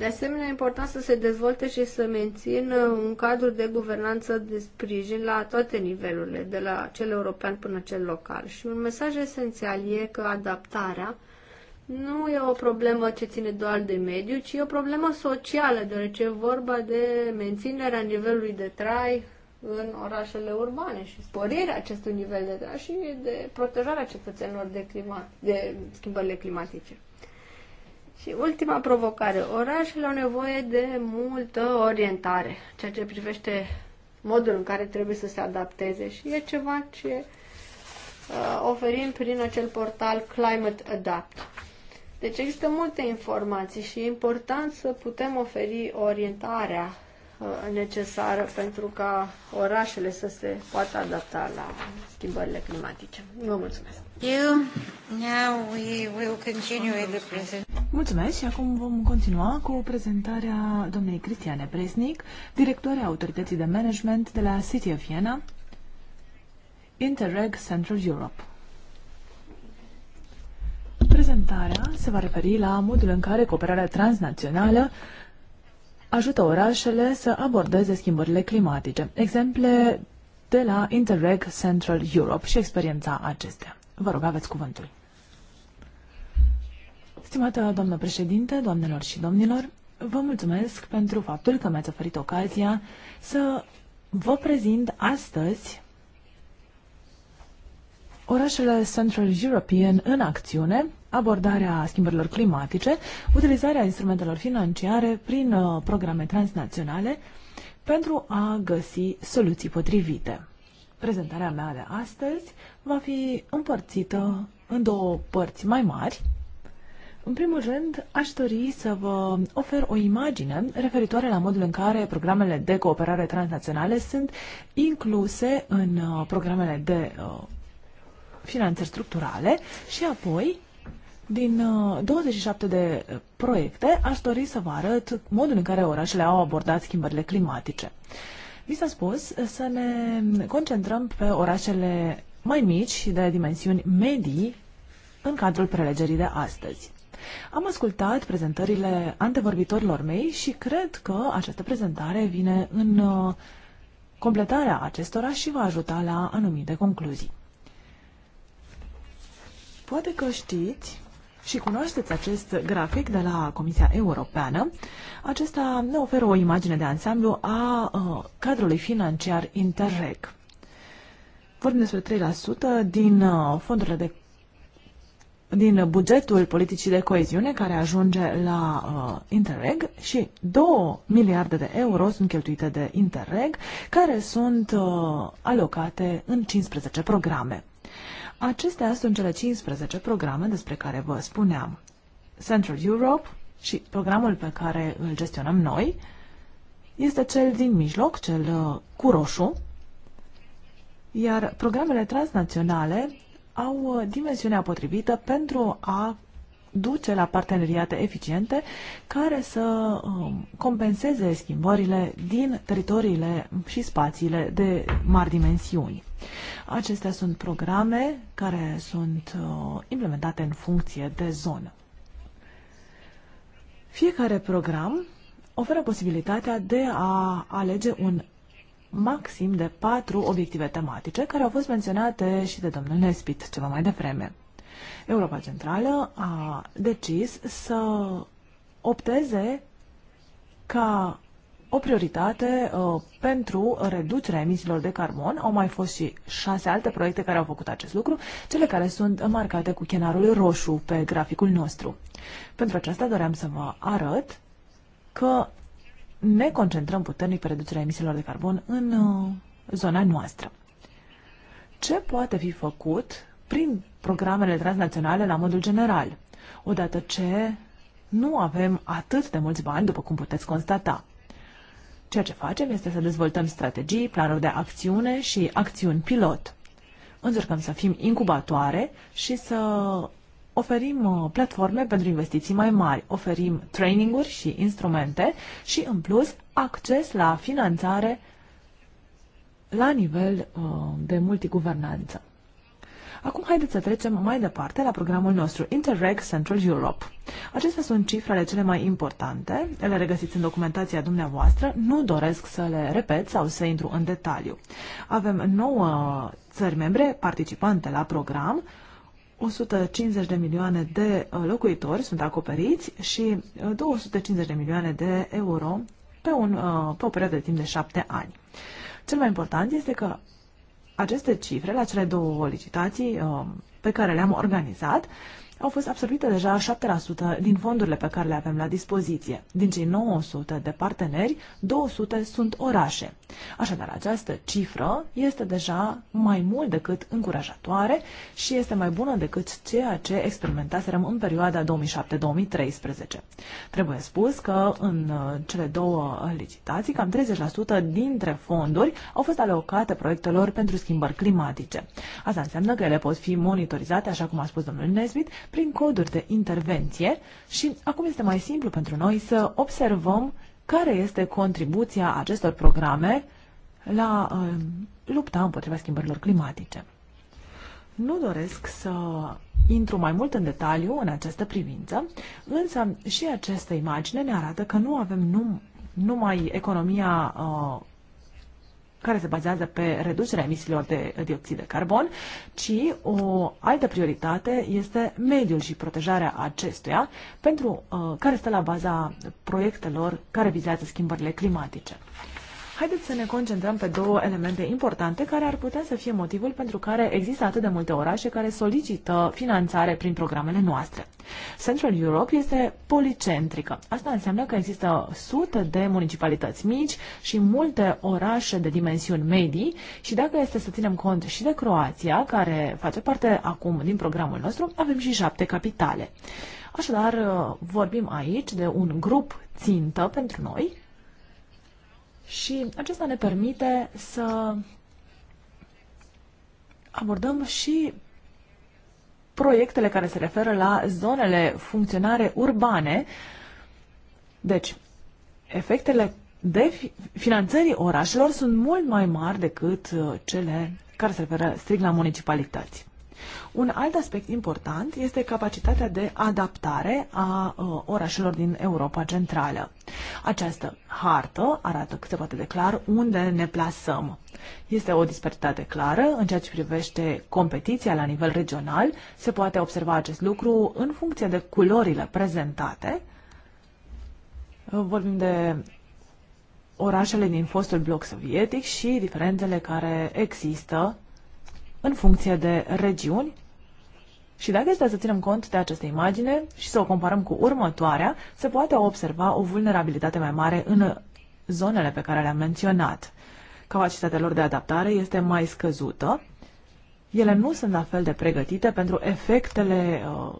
De asemenea, e important să se dezvolte și să mențină un cadru de guvernanță de sprijin la toate nivelurile, de la cel european până cel local. Și un mesaj esențial e că adaptarea nu e o problemă ce ține doar de mediu, ci e o problemă socială, deoarece e vorba de menținerea nivelului de trai în orașele urbane și sporirea acestui nivel de trai și de protejarea cetățenilor de, clima, de schimbările climatice. Și ultima provocare. Orașele au nevoie de multă orientare, ceea ce privește modul în care trebuie să se adapteze și e ceva ce uh, oferim prin acel portal Climate Adapt. Deci există multe informații și e important să putem oferi orientarea uh, necesară pentru ca orașele să se poată adapta la schimbările climatice. Vă mulțumesc! Mulțumesc și acum vom continua cu prezentarea doamnei Cristiane Presnic, directoarea Autorității de Management de la City of Vienna, Interreg Central Europe. Prezentarea se va referi la modul în care cooperarea transnațională ajută orașele să abordeze schimbările climatice, exemple de la Interreg Central Europe și experiența acestea. Vă rog, aveți cuvântul. Stimată doamnă președinte, doamnelor și domnilor, vă mulțumesc pentru faptul că mi-ați oferit ocazia să vă prezint astăzi orașele Central European în acțiune, abordarea schimbărilor climatice, utilizarea instrumentelor financiare prin uh, programe transnaționale pentru a găsi soluții potrivite. Prezentarea mea de astăzi va fi împărțită în două părți mai mari. În primul rând, aș dori să vă ofer o imagine referitoare la modul în care programele de cooperare transnaționale sunt incluse în uh, programele de uh, finanțe structurale și apoi din 27 uh, de proiecte, aș dori să vă arăt modul în care orașele au abordat schimbările climatice. Mi s-a spus să ne concentrăm pe orașele mai mici și de dimensiuni medii în cadrul prelegerii de astăzi. Am ascultat prezentările antevorbitorilor mei și cred că această prezentare vine în uh, completarea acestora și va ajuta la anumite concluzii. Poate că știți și cunoașteți acest grafic de la Comisia Europeană. Acesta ne oferă o imagine de ansamblu a, a uh, cadrului financiar Interreg. Vorbim despre 3% din uh, fondurile de din bugetul politicii de coeziune care ajunge la uh, Interreg și 2 miliarde de euro sunt cheltuite de Interreg care sunt uh, alocate în 15 programe. Acestea sunt cele 15 programe despre care vă spuneam. Central Europe și programul pe care îl gestionăm noi este cel din mijloc, cel uh, cu roșu, iar programele transnaționale au uh, dimensiunea potrivită pentru a duce la parteneriate eficiente care să um, compenseze schimbările din teritoriile și spațiile de mari dimensiuni. Acestea sunt programe care sunt uh, implementate în funcție de zonă. Fiecare program oferă posibilitatea de a alege un maxim de patru obiective tematice care au fost menționate și de domnul Nespit ceva mai devreme. Europa Centrală a decis să opteze ca o prioritate uh, pentru reducerea emisiilor de carbon. Au mai fost și șase alte proiecte care au făcut acest lucru, cele care sunt marcate cu chenarul roșu pe graficul nostru. Pentru aceasta doream să vă arăt că ne concentrăm puternic pe reducerea emisiilor de carbon în uh, zona noastră. Ce poate fi făcut prin programele transnaționale la modul general, odată ce nu avem atât de mulți bani, după cum puteți constata. Ceea ce facem este să dezvoltăm strategii, planuri de acțiune și acțiuni pilot. Încercăm să fim incubatoare și să oferim uh, platforme pentru investiții mai mari, oferim traininguri și instrumente și, în plus, acces la finanțare la nivel uh, de multiguvernanță. Acum haideți să trecem mai departe la programul nostru Interreg Central Europe. Acestea sunt cifrele cele mai importante, le regăsiți în documentația dumneavoastră, nu doresc să le repet sau să intru în detaliu. Avem 9 țări membre participante la program, 150 de milioane de uh, locuitori sunt acoperiți și 250 uh, de milioane de euro pe, un, uh, pe o perioadă de timp de șapte ani. Cel mai important este că aceste cifre, la cele două licitații pe care le-am organizat, au fost absorbite deja 7% din fondurile pe care le avem la dispoziție. Din cei 900 de parteneri, 200 sunt orașe. Așadar, această cifră este deja mai mult decât încurajatoare și este mai bună decât ceea ce experimentaserăm în perioada 2007-2013. Trebuie spus că în uh, cele două uh, licitații, cam 30% dintre fonduri au fost alocate proiectelor pentru schimbări climatice. Asta înseamnă că ele pot fi monitorizate, așa cum a spus domnul Nesbit, prin coduri de intervenție și acum este mai simplu pentru noi să observăm care este contribuția acestor programe la uh, lupta împotriva schimbărilor climatice. Nu doresc să intru mai mult în detaliu în această privință, însă și această imagine ne arată că nu avem num- numai economia uh, care se bazează pe reducerea emisiilor de dioxid de carbon, ci o altă prioritate este mediul și protejarea acestuia, pentru uh, care stă la baza proiectelor care vizează schimbările climatice haideți să ne concentrăm pe două elemente importante care ar putea să fie motivul pentru care există atât de multe orașe care solicită finanțare prin programele noastre. Central Europe este policentrică. Asta înseamnă că există sute de municipalități mici și multe orașe de dimensiuni medii și dacă este să ținem cont și de Croația, care face parte acum din programul nostru, avem și șapte capitale. Așadar, vorbim aici de un grup țintă pentru noi, și acesta ne permite să abordăm și proiectele care se referă la zonele funcționare urbane. Deci, efectele de finanțării orașelor sunt mult mai mari decât uh, cele care se referă strict la municipalități. Un alt aspect important este capacitatea de adaptare a uh, orașelor din Europa Centrală. Această hartă arată cât se poate de clar unde ne plasăm. Este o disparitate clară în ceea ce privește competiția la nivel regional. Se poate observa acest lucru în funcție de culorile prezentate. Uh, vorbim de orașele din fostul bloc sovietic și diferențele care există în funcție de regiuni. Și dacă este să ținem cont de această imagine și să o comparăm cu următoarea, se poate observa o vulnerabilitate mai mare în zonele pe care le-am menționat. Capacitatea lor de adaptare este mai scăzută, ele nu sunt la fel de pregătite pentru efectele uh,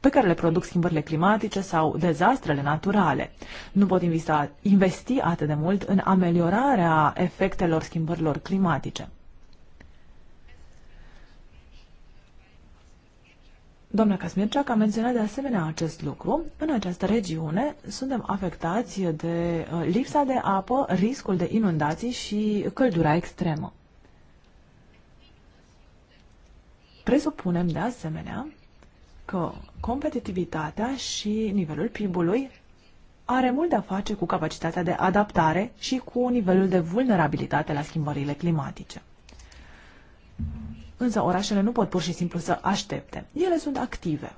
pe care le produc schimbările climatice sau dezastrele naturale. Nu pot investi atât de mult în ameliorarea efectelor schimbărilor climatice. Doamna Casmircea a menționat de asemenea acest lucru. În această regiune suntem afectați de uh, lipsa de apă, riscul de inundații și căldura extremă. Presupunem de asemenea că competitivitatea și nivelul PIB-ului are mult de-a face cu capacitatea de adaptare și cu nivelul de vulnerabilitate la schimbările climatice. Însă orașele nu pot pur și simplu să aștepte. Ele sunt active.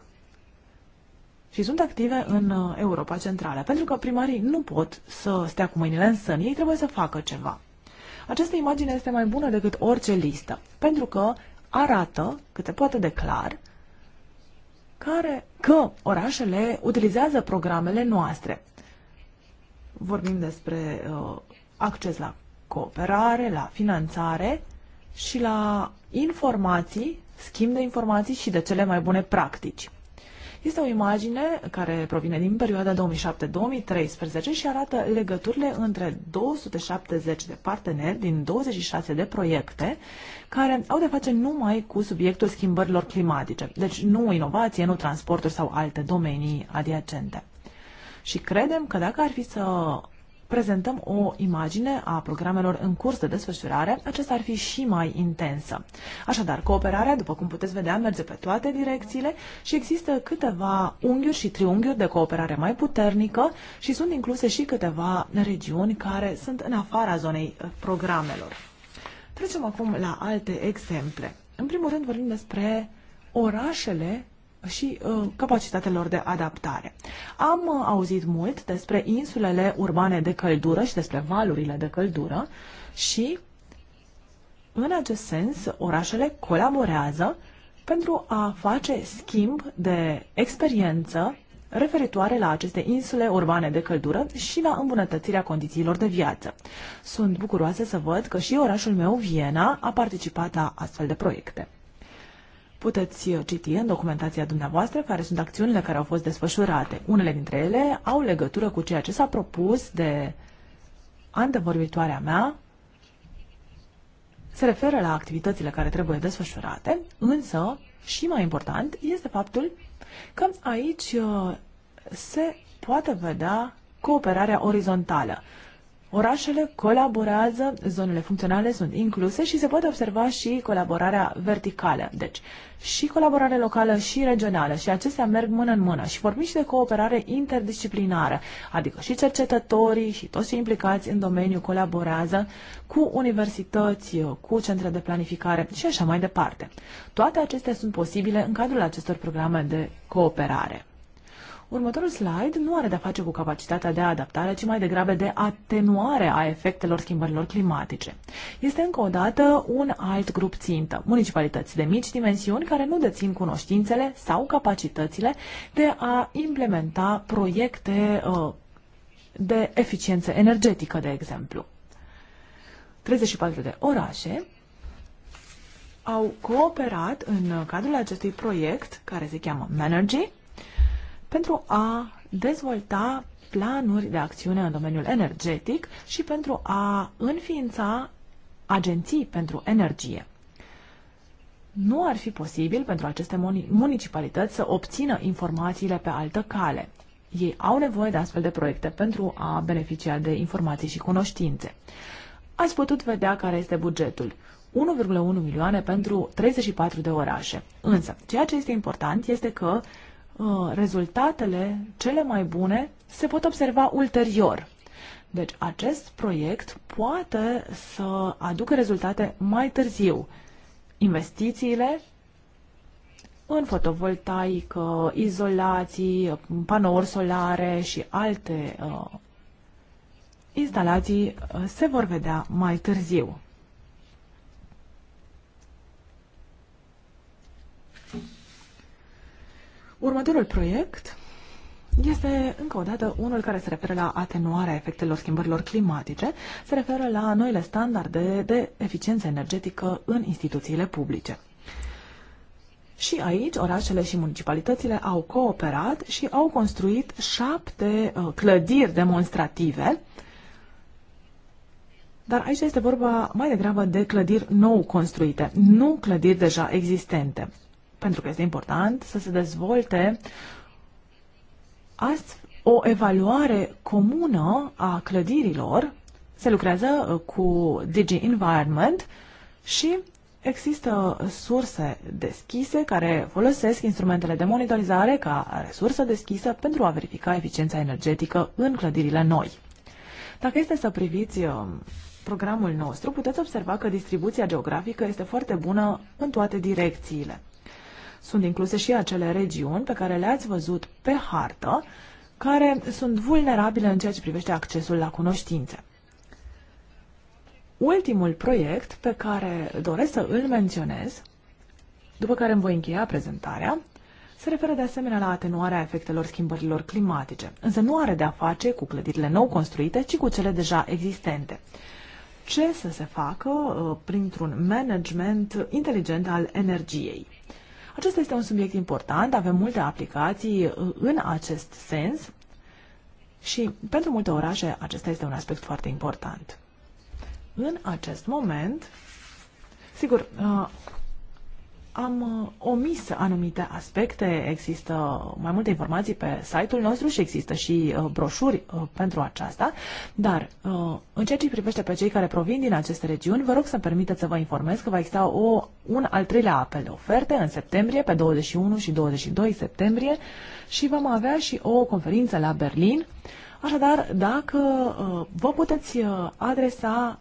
Și sunt active în uh, Europa Centrală, pentru că primarii nu pot să stea cu mâinile în sân, ei trebuie să facă ceva. Această imagine este mai bună decât orice listă, pentru că arată, cât se poate de clar, care, că orașele utilizează programele noastre. Vorbim despre uh, acces la cooperare, la finanțare și la informații, schimb de informații și de cele mai bune practici. Este o imagine care provine din perioada 2007-2013 și arată legăturile între 270 de parteneri din 26 de proiecte care au de face numai cu subiectul schimbărilor climatice, deci nu inovație, nu transporturi sau alte domenii adiacente. Și credem că dacă ar fi să prezentăm o imagine a programelor în curs de desfășurare, acesta ar fi și mai intensă. Așadar, cooperarea, după cum puteți vedea, merge pe toate direcțiile și există câteva unghiuri și triunghiuri de cooperare mai puternică și sunt incluse și câteva regiuni care sunt în afara zonei eh, programelor. Trecem acum la alte exemple. În primul rând vorbim despre orașele și uh, capacitatea lor de adaptare. Am uh, auzit mult despre insulele urbane de căldură și despre valurile de căldură și, în acest sens, orașele colaborează pentru a face schimb de experiență referitoare la aceste insule urbane de căldură și la îmbunătățirea condițiilor de viață. Sunt bucuroasă să văd că și orașul meu, Viena, a participat la astfel de proiecte. Puteți uh, citi în documentația dumneavoastră care sunt acțiunile care au fost desfășurate. Unele dintre ele au legătură cu ceea ce s-a propus de antevorbitoarea mea, se referă la activitățile care trebuie desfășurate, însă și mai important este faptul că aici uh, se poate vedea cooperarea orizontală. Orașele colaborează, zonele funcționale sunt incluse și se poate observa și colaborarea verticală. Deci, și colaborare locală și regională și acestea merg mână în mână și vorbim și de cooperare interdisciplinară, adică și cercetătorii și toți cei implicați în domeniu colaborează cu universități, cu centre de planificare și așa mai departe. Toate acestea sunt posibile în cadrul acestor programe de cooperare. Următorul slide nu are de-a face cu capacitatea de adaptare, ci mai degrabă de atenuare a efectelor schimbărilor climatice. Este încă o dată un alt grup țintă, municipalități de mici dimensiuni care nu dețin cunoștințele sau capacitățile de a implementa proiecte uh, de eficiență energetică, de exemplu. 34 de orașe au cooperat în cadrul acestui proiect care se cheamă Manergy pentru a dezvolta planuri de acțiune în domeniul energetic și pentru a înființa agenții pentru energie. Nu ar fi posibil pentru aceste municipalități să obțină informațiile pe altă cale. Ei au nevoie de astfel de proiecte pentru a beneficia de informații și cunoștințe. Ați putut vedea care este bugetul. 1,1 milioane pentru 34 de orașe. Însă, ceea ce este important este că Uh, rezultatele cele mai bune se pot observa ulterior. Deci acest proiect poate să aducă rezultate mai târziu. Investițiile în fotovoltaică, izolații, panouri solare și alte uh, instalații uh, se vor vedea mai târziu. Următorul proiect este încă o dată unul care se referă la atenuarea efectelor schimbărilor climatice, se referă la noile standarde de eficiență energetică în instituțiile publice. Și aici orașele și municipalitățile au cooperat și au construit șapte uh, clădiri demonstrative, dar aici este vorba mai degrabă de clădiri nou construite, nu clădiri deja existente pentru că este important să se dezvolte astfel o evaluare comună a clădirilor. Se lucrează uh, cu Digi Environment și există surse deschise care folosesc instrumentele de monitorizare ca resursă deschisă pentru a verifica eficiența energetică în clădirile noi. Dacă este să priviți uh, programul nostru, puteți observa că distribuția geografică este foarte bună în toate direcțiile. Sunt incluse și acele regiuni pe care le-ați văzut pe hartă, care sunt vulnerabile în ceea ce privește accesul la cunoștințe. Ultimul proiect pe care doresc să îl menționez, după care îmi voi încheia prezentarea, se referă de asemenea la atenuarea efectelor schimbărilor climatice, însă nu are de-a face cu clădirile nou construite, ci cu cele deja existente. Ce să se facă uh, printr-un management inteligent al energiei? Acesta este un subiect important, avem multe aplicații uh, în acest sens și pentru multe orașe acesta este un aspect foarte important. În acest moment, sigur, uh, am uh, omis anumite aspecte. Există mai multe informații pe site-ul nostru și există și uh, broșuri uh, pentru aceasta, dar în ceea ce privește pe cei care provin din aceste regiuni, vă rog să-mi permiteți să vă informez că va exista o, un al treilea apel de oferte în septembrie, pe 21 și 22 septembrie și vom avea și o conferință la Berlin. Așadar, dacă vă puteți adresa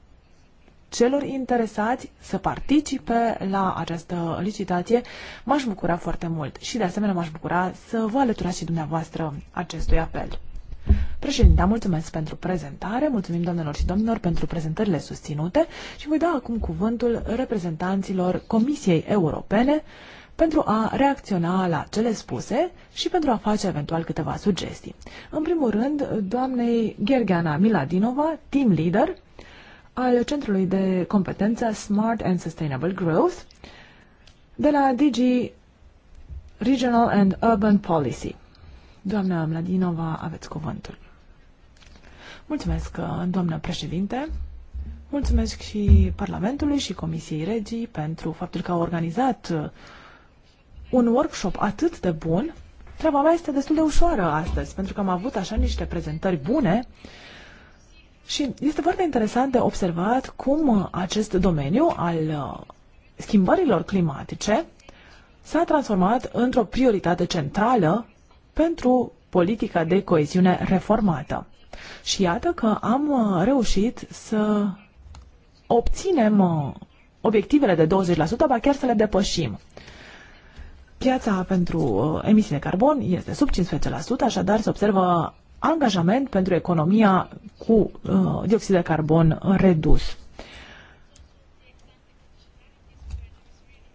celor interesați să participe la această licitație, m-aș bucura foarte mult și de asemenea m-aș bucura să vă alăturați și dumneavoastră acestui apel. Președinte, mulțumesc pentru prezentare, mulțumim doamnelor și domnilor pentru prezentările susținute și voi da acum cuvântul reprezentanților Comisiei Europene pentru a reacționa la cele spuse și pentru a face eventual câteva sugestii. În primul rând, doamnei Gergana Miladinova, team leader al Centrului de Competență Smart and Sustainable Growth de la DG Regional and Urban Policy. Doamna Mladinova, aveți cuvântul. Mulțumesc, doamnă președinte. Mulțumesc și Parlamentului și Comisiei Regii pentru faptul că au organizat un workshop atât de bun. Treaba mea este destul de ușoară astăzi, pentru că am avut așa niște prezentări bune și este foarte interesant de observat cum uh, acest domeniu al uh, schimbărilor climatice s-a transformat într-o prioritate centrală pentru politica de coeziune reformată. Și iată că am uh, reușit să obținem obiectivele de 20%, ba chiar să le depășim. Piața pentru emisii de carbon este sub 15%, așadar se observă angajament pentru economia cu uh, dioxid de carbon redus.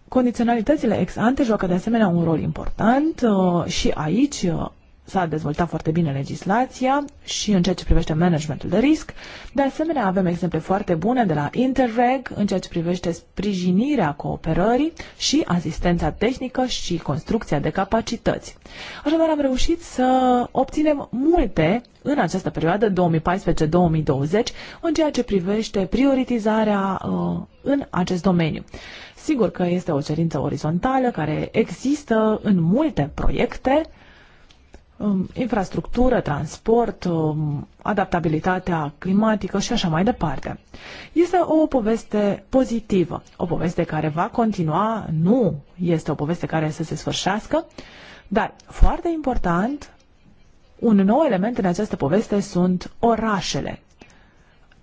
Condiționalitățile ex ante joacă de asemenea un rol important uh, și aici uh, s-a dezvoltat foarte bine legislația și în ceea ce privește managementul de risc. De asemenea, avem exemple foarte bune de la Interreg în ceea ce privește sprijinirea cooperării și asistența tehnică și construcția de capacități. Așadar, am reușit să obținem multe în această perioadă 2014-2020 în ceea ce privește prioritizarea uh, în acest domeniu. Sigur că este o cerință orizontală care există în multe proiecte, Um, infrastructură, transport, um, adaptabilitatea climatică și așa mai departe. Este o poveste pozitivă, o poveste care va continua, nu este o poveste care să se sfârșească, dar foarte important, un nou element în această poveste sunt orașele. 5%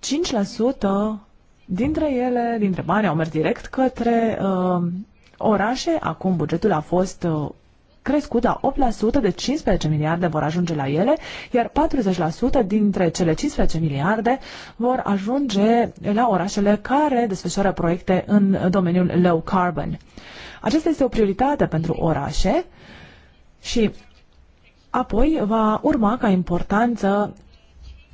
dintre ele, dintre bani, au mers direct către uh, orașe. Acum bugetul a fost uh, crescut la 8%, de 15 miliarde vor ajunge la ele, iar 40% dintre cele 15 miliarde vor ajunge la orașele care desfășoară proiecte în domeniul low carbon. Aceasta este o prioritate pentru orașe și apoi va urma ca importanță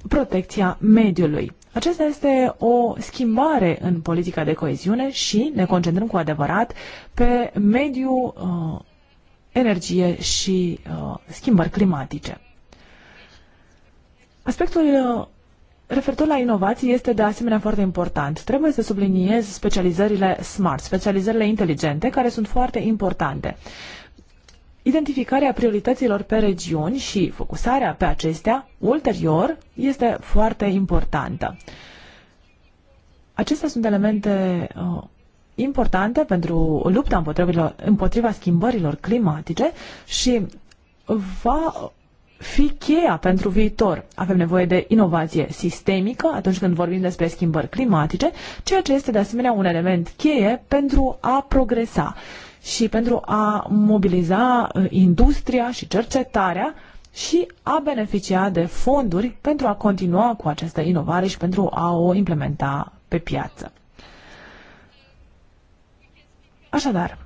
protecția mediului. Aceasta este o schimbare în politica de coeziune și ne concentrăm cu adevărat pe mediul uh, energie și uh, schimbări climatice. Aspectul uh, referitor la inovații este de asemenea foarte important. Trebuie să subliniez specializările smart, specializările inteligente, care sunt foarte importante. Identificarea priorităților pe regiuni și focusarea pe acestea ulterior este foarte importantă. Acestea sunt elemente uh, importante pentru lupta împotriva, împotriva schimbărilor climatice și va fi cheia pentru viitor. Avem nevoie de inovație sistemică atunci când vorbim despre schimbări climatice, ceea ce este de asemenea un element cheie pentru a progresa și pentru a mobiliza uh, industria și cercetarea și a beneficia de fonduri pentru a continua cu această inovare și pentru a o implementa pe piață. Așadar,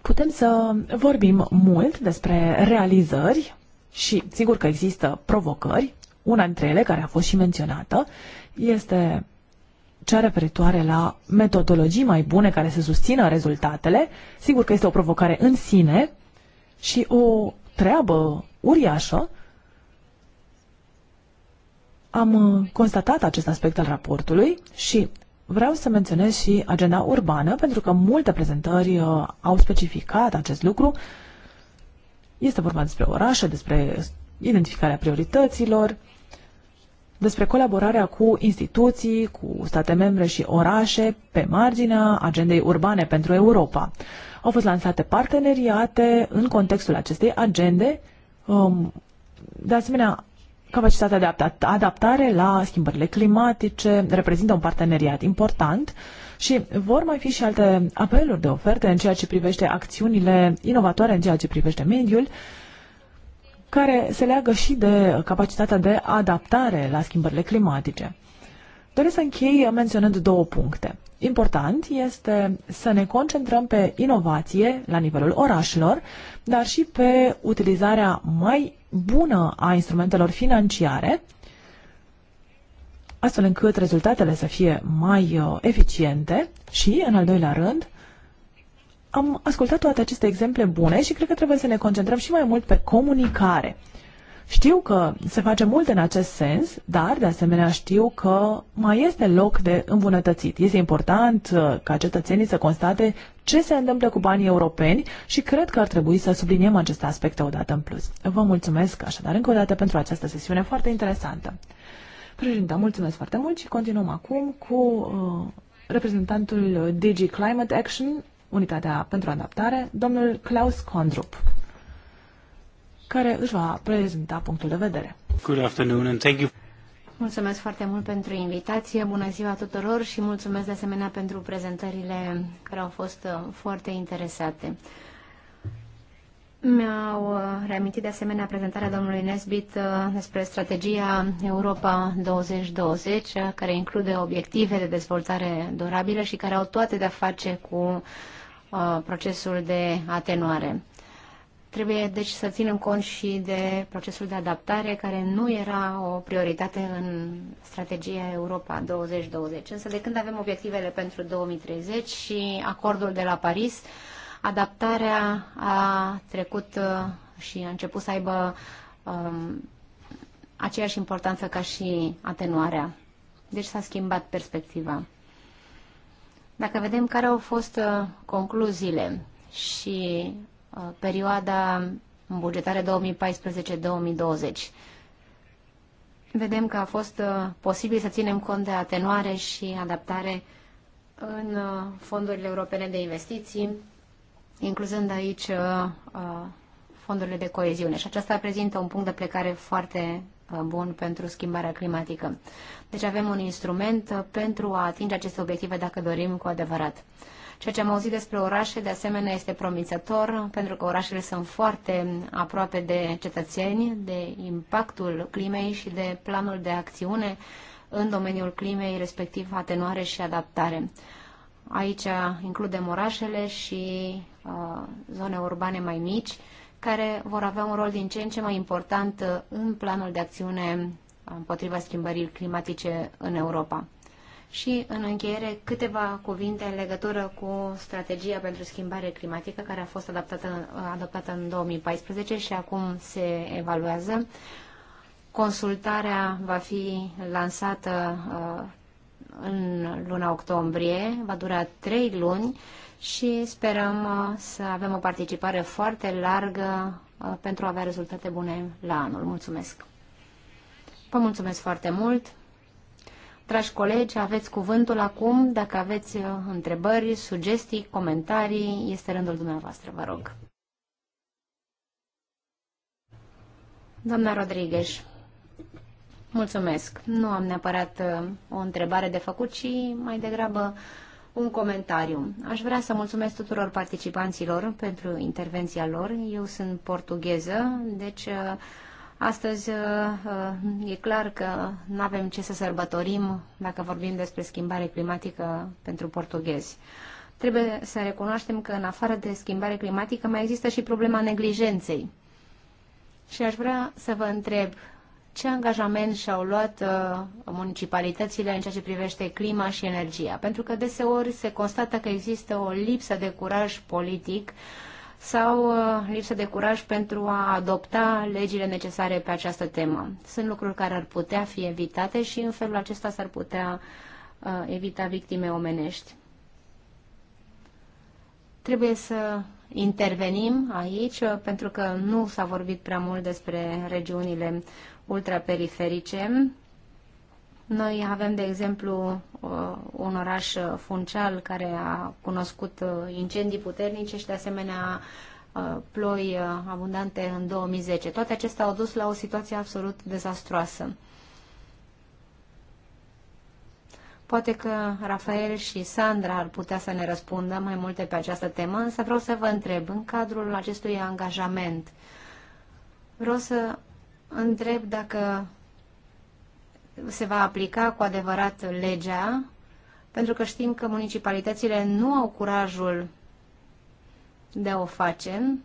putem să vorbim mult despre realizări și sigur că există provocări. Una dintre ele, care a fost și menționată, este cea referitoare la metodologii mai bune care să susțină rezultatele. Sigur că este o provocare în sine și o treabă uriașă. Am constatat acest aspect al raportului și Vreau să menționez și agenda urbană, pentru că multe prezentări uh, au specificat acest lucru. Este vorba despre orașe, despre identificarea priorităților, despre colaborarea cu instituții, cu state membre și orașe pe marginea agendei urbane pentru Europa. Au fost lansate parteneriate în contextul acestei agende. Um, de asemenea, capacitatea de adaptare la schimbările climatice, reprezintă un parteneriat important și vor mai fi și alte apeluri de oferte în ceea ce privește acțiunile inovatoare, în ceea ce privește mediul, care se leagă și de capacitatea de adaptare la schimbările climatice. Doresc să închei menționând două puncte. Important este să ne concentrăm pe inovație la nivelul orașelor, dar și pe utilizarea mai bună a instrumentelor financiare, astfel încât rezultatele să fie mai uh, eficiente și, în al doilea rând, am ascultat toate aceste exemple bune și cred că trebuie să ne concentrăm și mai mult pe comunicare. Știu că se face mult în acest sens, dar de asemenea știu că mai este loc de îmbunătățit. Este important uh, ca cetățenii să constate ce se întâmplă cu banii europeni și cred că ar trebui să subliniem aceste aspecte odată în plus. Vă mulțumesc așadar încă o dată pentru această sesiune foarte interesantă. Președinte, mulțumesc foarte mult și continuăm acum cu uh, reprezentantul DG Climate Action, Unitatea pentru Adaptare, domnul Klaus Kondrup care își va prezenta punctul de vedere. Good afternoon and thank you. Mulțumesc foarte mult pentru invitație, bună ziua tuturor și mulțumesc de asemenea pentru prezentările care au fost uh, foarte interesate. Mi-au uh, reamintit de asemenea prezentarea domnului Nesbit uh, despre strategia Europa 2020, care include obiective de dezvoltare durabilă și care au toate de-a face cu procesul de atenuare. Trebuie deci să ținem cont și de procesul de adaptare, care nu era o prioritate în strategia Europa 2020. Însă de când avem obiectivele pentru 2030 și acordul de la Paris, adaptarea a trecut uh, și a început să aibă um, aceeași importanță ca și atenuarea. Deci s-a schimbat perspectiva. Dacă vedem care au fost uh, concluziile și Uh, perioada bugetare 2014-2020. Vedem că a fost uh, posibil să ținem cont de atenuare și adaptare în uh, fondurile europene de investiții, incluzând aici fondurile de coeziune. Și aceasta prezintă un punct de plecare foarte bun pentru schimbarea climatică. Deci avem un instrument pentru a atinge aceste obiective dacă dorim cu adevărat. Ceea ce am auzit despre orașe, de asemenea, este promițător, pentru că orașele sunt foarte aproape de cetățeni, de impactul climei și de planul de acțiune în domeniul climei, respectiv atenuare și adaptare. Aici includem orașele și uh, zone urbane mai mici, care vor avea un rol din ce în ce mai important în planul de acțiune împotriva schimbării climatice în Europa. Și, în încheiere, câteva cuvinte în legătură cu strategia pentru schimbare climatică care a fost adaptată, adaptată în 2014 și acum se evaluează. Consultarea va fi lansată uh, în luna octombrie, va dura trei luni și sperăm uh, să avem o participare foarte largă uh, pentru a avea rezultate bune la anul. Mulțumesc! Vă mulțumesc foarte mult! Dragi colegi, aveți cuvântul acum. Dacă aveți uh, întrebări, sugestii, comentarii, este rândul dumneavoastră, vă rog. Doamna Rodriguez, mulțumesc. Nu am neapărat uh, o întrebare de făcut, ci mai degrabă un comentariu. Aș vrea să mulțumesc tuturor participanților pentru intervenția lor. Eu sunt portugheză, deci uh, Astăzi uh, uh, e clar că nu avem ce să sărbătorim dacă vorbim despre schimbare climatică pentru portughezi. Trebuie să recunoaștem că în afară de schimbare climatică mai există și problema neglijenței. Și aș vrea să vă întreb ce angajament și-au luat uh, municipalitățile în ceea ce privește clima și energia. Pentru că deseori se constată că există o lipsă de curaj politic uh, sau uh, lipsă de curaj pentru a adopta legile necesare pe această temă. Sunt lucruri care ar putea fi evitate și în felul acesta s-ar putea uh, evita victime omenești. Trebuie să intervenim aici uh, pentru că nu s-a vorbit prea mult despre regiunile ultraperiferice noi avem, de exemplu, uh, un oraș uh, funcial care a cunoscut uh, incendii puternice și, de asemenea, ploi abundante în 2010. Toate acestea au dus la o situație absolut dezastroasă. Poate că Rafael și Sandra ar putea să ne răspundă mai multe pe această temă, însă vreau să vă întreb, în cadrul acestui angajament, vreau să întreb dacă se va aplica cu adevărat legea, pentru că știm că municipalitățile nu au curajul de a o face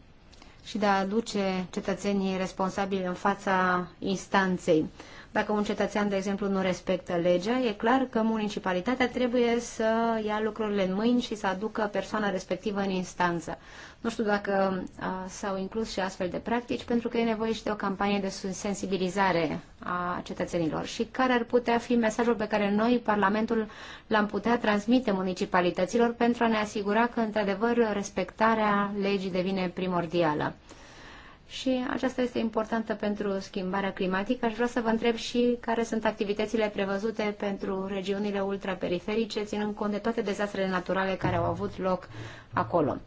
și de a aduce cetățenii responsabili în fața instanței. Dacă un cetățean, de exemplu, nu respectă legea, e clar că municipalitatea trebuie să ia lucrurile în mâini și să aducă persoana respectivă în instanță. Nu știu dacă s-au inclus și astfel de practici, pentru că e nevoie și de o campanie de sensibilizare a cetățenilor. Și care ar putea fi mesajul pe care noi, Parlamentul, l-am putea transmite municipalităților pentru a ne asigura că, într-adevăr, respectarea legii devine primordială? și aceasta este importantă pentru schimbarea climatică. Aș vrea să vă întreb și care sunt activitățile prevăzute pentru regiunile ultraperiferice, ținând cont de toate dezastrele naturale care au avut loc acolo.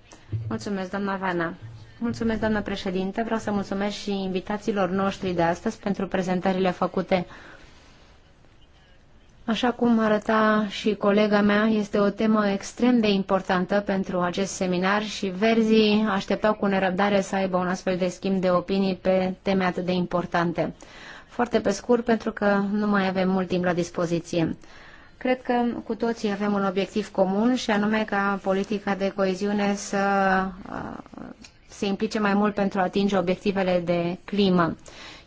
Mulțumesc, doamna Vana. Mulțumesc, doamnă președinte. Vreau să mulțumesc și invitațiilor noștri de astăzi pentru prezentările făcute Așa cum arăta și colega mea, este o temă extrem de importantă pentru acest seminar și verzii așteptau cu nerăbdare să aibă un astfel de schimb de opinii pe teme atât de importante. Foarte pe scurt, pentru că nu mai avem mult timp la dispoziție. Cred că cu toții avem un obiectiv comun și anume ca politica de coeziune să uh, se implice mai mult pentru a atinge obiectivele de climă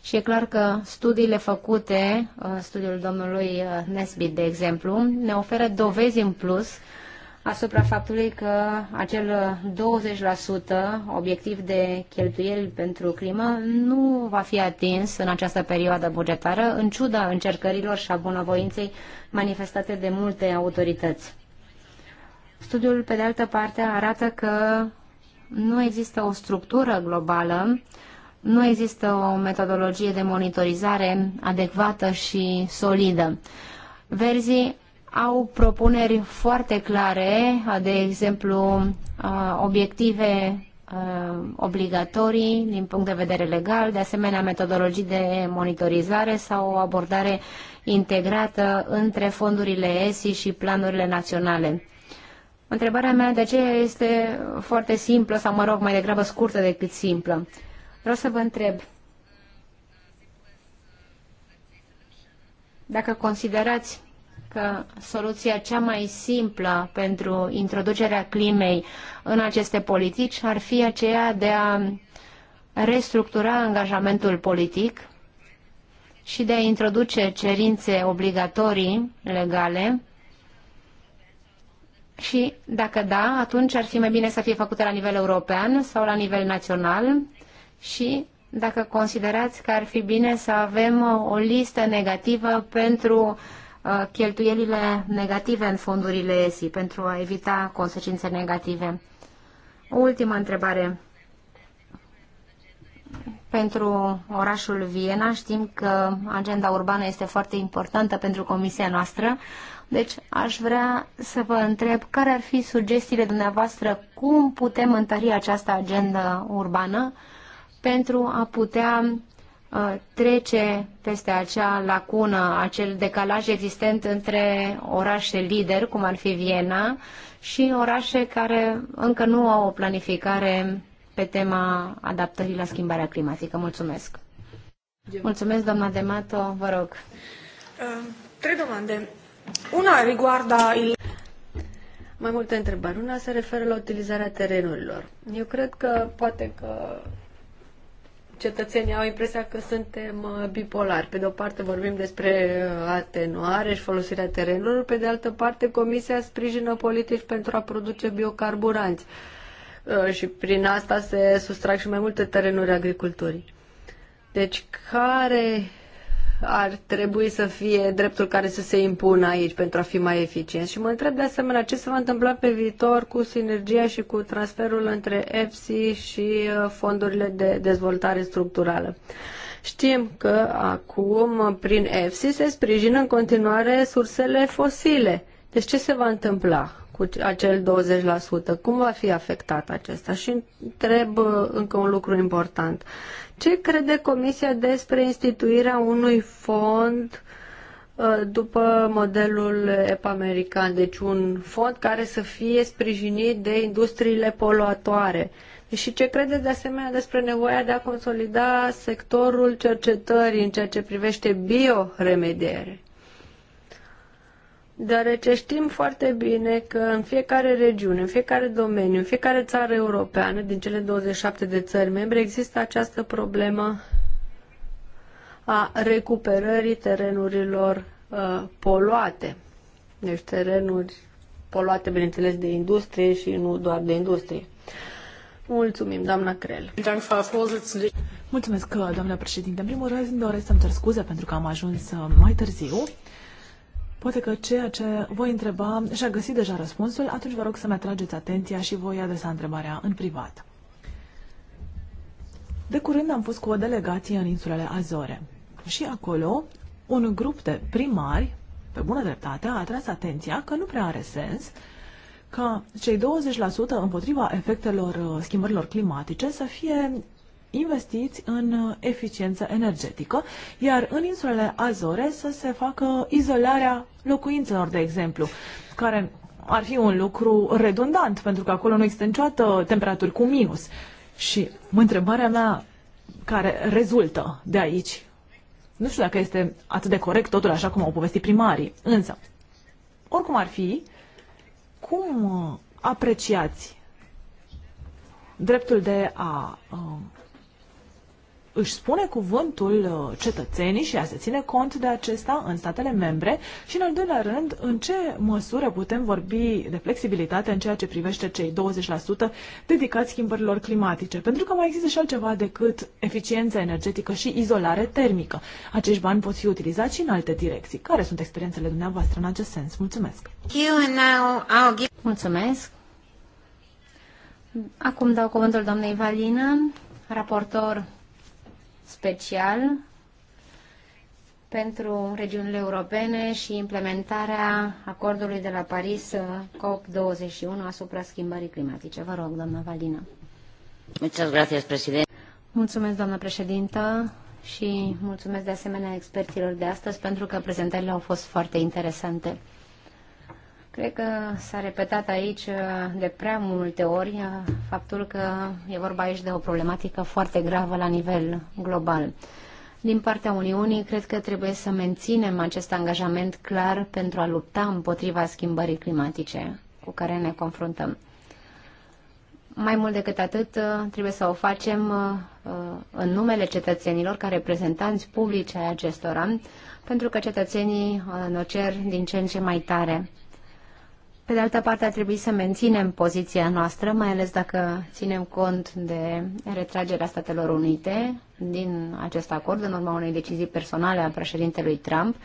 și e clar că studiile făcute, uh, studiul domnului uh, Nesbit, de exemplu, ne oferă dovezi în plus asupra faptului că acel 20% obiectiv de cheltuieli pentru climă nu va fi atins în această perioadă bugetară, în ciuda încercărilor și a bunăvoinței manifestate de multe autorități. Studiul, pe de altă parte, arată că nu există o structură globală uh, nu există o metodologie de monitorizare adecvată și solidă. Verzii au propuneri foarte clare, de exemplu, uh, obiective uh, obligatorii din punct de vedere legal, de asemenea metodologii de monitorizare sau o abordare integrată între fondurile ESI și planurile naționale. Întrebarea mea de aceea este foarte simplă sau, mă rog, mai degrabă scurtă decât simplă. Vreau să vă întreb dacă considerați că soluția cea mai simplă pentru introducerea climei în aceste politici ar fi aceea de a restructura angajamentul politic și de a introduce cerințe obligatorii legale și, dacă da, atunci ar fi mai bine să fie făcute la nivel european sau la nivel național și dacă considerați că ar fi bine să avem uh, o listă negativă pentru uh, cheltuielile negative în fondurile ESI, pentru a evita consecințe negative. O ultimă întrebare. Pentru orașul Viena știm că agenda urbană este foarte importantă pentru comisia noastră, deci aș vrea să vă întreb care ar fi sugestiile dumneavoastră cum putem întări această agenda urbană pentru a putea uh, trece peste acea lacună, acel decalaj existent între orașe lider, cum ar fi Viena, și orașe care încă nu au o planificare pe tema adaptării la schimbarea climatică. Mulțumesc! Mulțumesc, doamna Demato, vă rog. Uh, trei domande. Una riguarda il... Mai multe întrebări. Una se referă la utilizarea terenurilor. Eu cred că poate că cetățenii au impresia că suntem uh, bipolari. Pe de o parte vorbim despre uh, atenuare și folosirea terenurilor, pe de altă parte Comisia sprijină politici pentru a produce biocarburanți uh, și prin asta se sustrag și mai multe terenuri agriculturii. Deci care ar trebui să fie dreptul care să se impună aici pentru a fi mai eficient. Și mă întreb de asemenea ce se va întâmpla pe viitor cu sinergia și cu transferul între EFSI și uh, fondurile de dezvoltare structurală. Știm că acum, uh, prin EFSI, se sprijină în continuare sursele fosile. Deci ce se va întâmpla? cu acel 20%. Cum va fi afectat acesta? Și întreb uh, încă un lucru important. Ce crede Comisia despre instituirea unui fond uh, după modelul EPA-american, deci un fond care să fie sprijinit de industriile poluatoare? Și ce credeți de asemenea despre nevoia de a consolida sectorul cercetării în ceea ce privește bioremediere? deoarece știm foarte bine că în fiecare regiune, în fiecare domeniu, în fiecare țară europeană, din cele 27 de țări membre, există această problemă a recuperării terenurilor uh, poluate. Deci terenuri poluate, bineînțeles, de industrie și nu doar de industrie. Mulțumim, doamna Crel. Mulțumesc, doamna președinte. În primul rând, doresc să-mi cer scuze pentru că am ajuns uh, mai târziu. Poate că ceea ce voi întreba și-a găsit deja răspunsul, atunci vă rog să-mi atrageți atenția și voi adresa întrebarea în privat. De curând am fost cu o delegație în insulele Azore și acolo un grup de primari, pe bună dreptate, a atras atenția că nu prea are sens ca cei 20% împotriva efectelor uh, schimbărilor climatice să fie investiți în uh, eficiență energetică, iar în insulele Azore să se facă izolarea locuințelor, de exemplu, care ar fi un lucru redundant, pentru că acolo nu există niciodată temperaturi cu minus. Și întrebarea mea care rezultă de aici, nu știu dacă este atât de corect totul așa cum au povestit primarii, însă, oricum ar fi, cum uh, apreciați dreptul de a uh, își spune cuvântul uh, cetățenii și a se ține cont de acesta în statele membre și, în al doilea rând, în ce măsură putem vorbi de flexibilitate în ceea ce privește cei 20% dedicați schimbărilor climatice. Pentru că mai există și altceva decât eficiența energetică și izolare termică. Acești bani pot fi utilizați și în alte direcții. Care sunt experiențele dumneavoastră în acest sens? Mulțumesc! Mulțumesc! Acum dau cuvântul doamnei Valina, raportor special pentru regiunile europene și implementarea acordului de la Paris uh, COP21 asupra schimbării climatice. Vă rog, doamna Valina. Muchas gracias, presidente. Mulțumesc, doamna președintă, și mulțumesc de asemenea experților de astăzi pentru că prezentările au fost foarte interesante. Cred că s-a repetat aici uh, de prea multe ori uh, faptul că e vorba aici de o problematică foarte gravă la nivel global. Din partea Uniunii, cred că trebuie să menținem acest angajament clar pentru a lupta împotriva schimbării climatice cu care ne confruntăm. Mai mult decât atât, uh, trebuie să o facem în numele cetățenilor, ca reprezentanți publici ai acestora, pentru că cetățenii ne cer din ce în ce mai tare pe de altă parte, ar trebui să menținem poziția noastră, mai ales dacă ținem cont de retragerea Statelor Unite din acest acord, în urma unei decizii personale a președintelui Trump,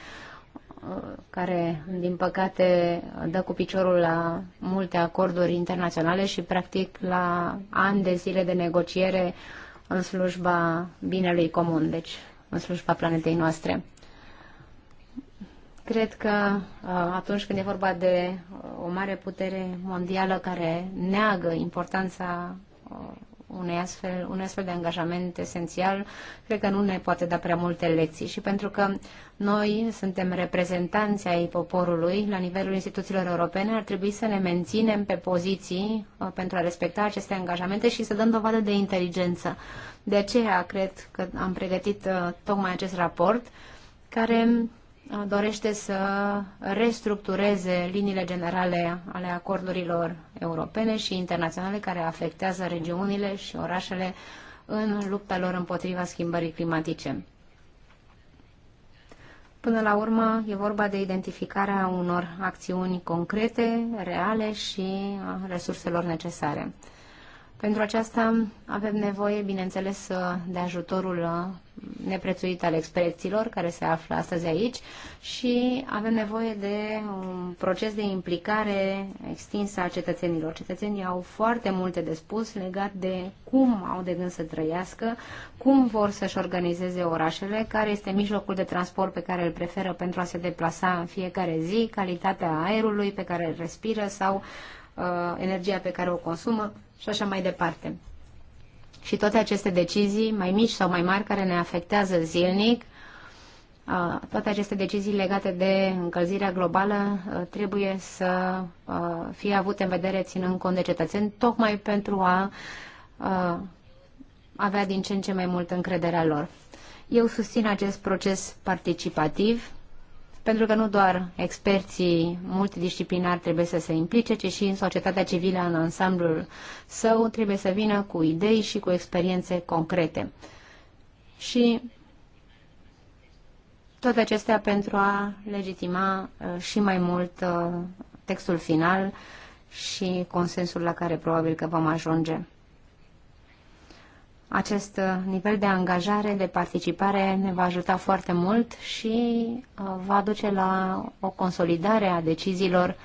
care, din păcate, dă cu piciorul la multe acorduri internaționale și, practic, la ani de zile de negociere în slujba binelui comun, deci în slujba planetei noastre. Cred că uh, atunci când e vorba de uh, o mare putere mondială care neagă importanța uh, unei astfel, un astfel de angajament esențial, cred că nu ne poate da prea multe lecții. Și pentru că noi suntem reprezentanți ai poporului la nivelul instituțiilor europene, ar trebui să ne menținem pe poziții pentru a respecta aceste angajamente și să dăm dovadă de inteligență. De aceea cred că am pregătit tocmai acest raport care dorește să restructureze liniile generale ale acordurilor europene și internaționale care afectează regiunile și orașele în lupta lor împotriva schimbării climatice. Până la urmă, e vorba de identificarea unor acțiuni concrete, reale și a resurselor necesare. Pentru aceasta avem nevoie, bineînțeles, de ajutorul uh, neprețuit al experților care se află astăzi aici și avem nevoie de un proces de implicare extinsă a cetățenilor. Cetățenii au foarte multe de spus legat de cum au de gând să trăiască, cum vor să-și organizeze orașele, care este mijlocul de transport pe care îl preferă pentru a se deplasa în fiecare zi, calitatea aerului pe care îl respiră sau uh, energia pe care o consumă și așa mai departe. Și toate aceste decizii, mai mici sau mai mari, care ne afectează zilnic, uh, toate aceste decizii legate de încălzirea globală uh, trebuie să uh, fie avute în vedere ținând cont de cetățeni, tocmai pentru a avea din ce în ce mai mult încrederea lor. Eu susțin acest proces participativ pentru că nu doar experții multidisciplinari trebuie să se implice, ci și în societatea civilă în ansamblul său trebuie să vină cu idei și cu experiențe concrete. Și toate acestea pentru a legitima uh, și mai mult uh, textul final și consensul la care probabil că vom ajunge. Acest uh, nivel de angajare, de participare ne va ajuta foarte mult și uh, va duce la o consolidare a deciziilor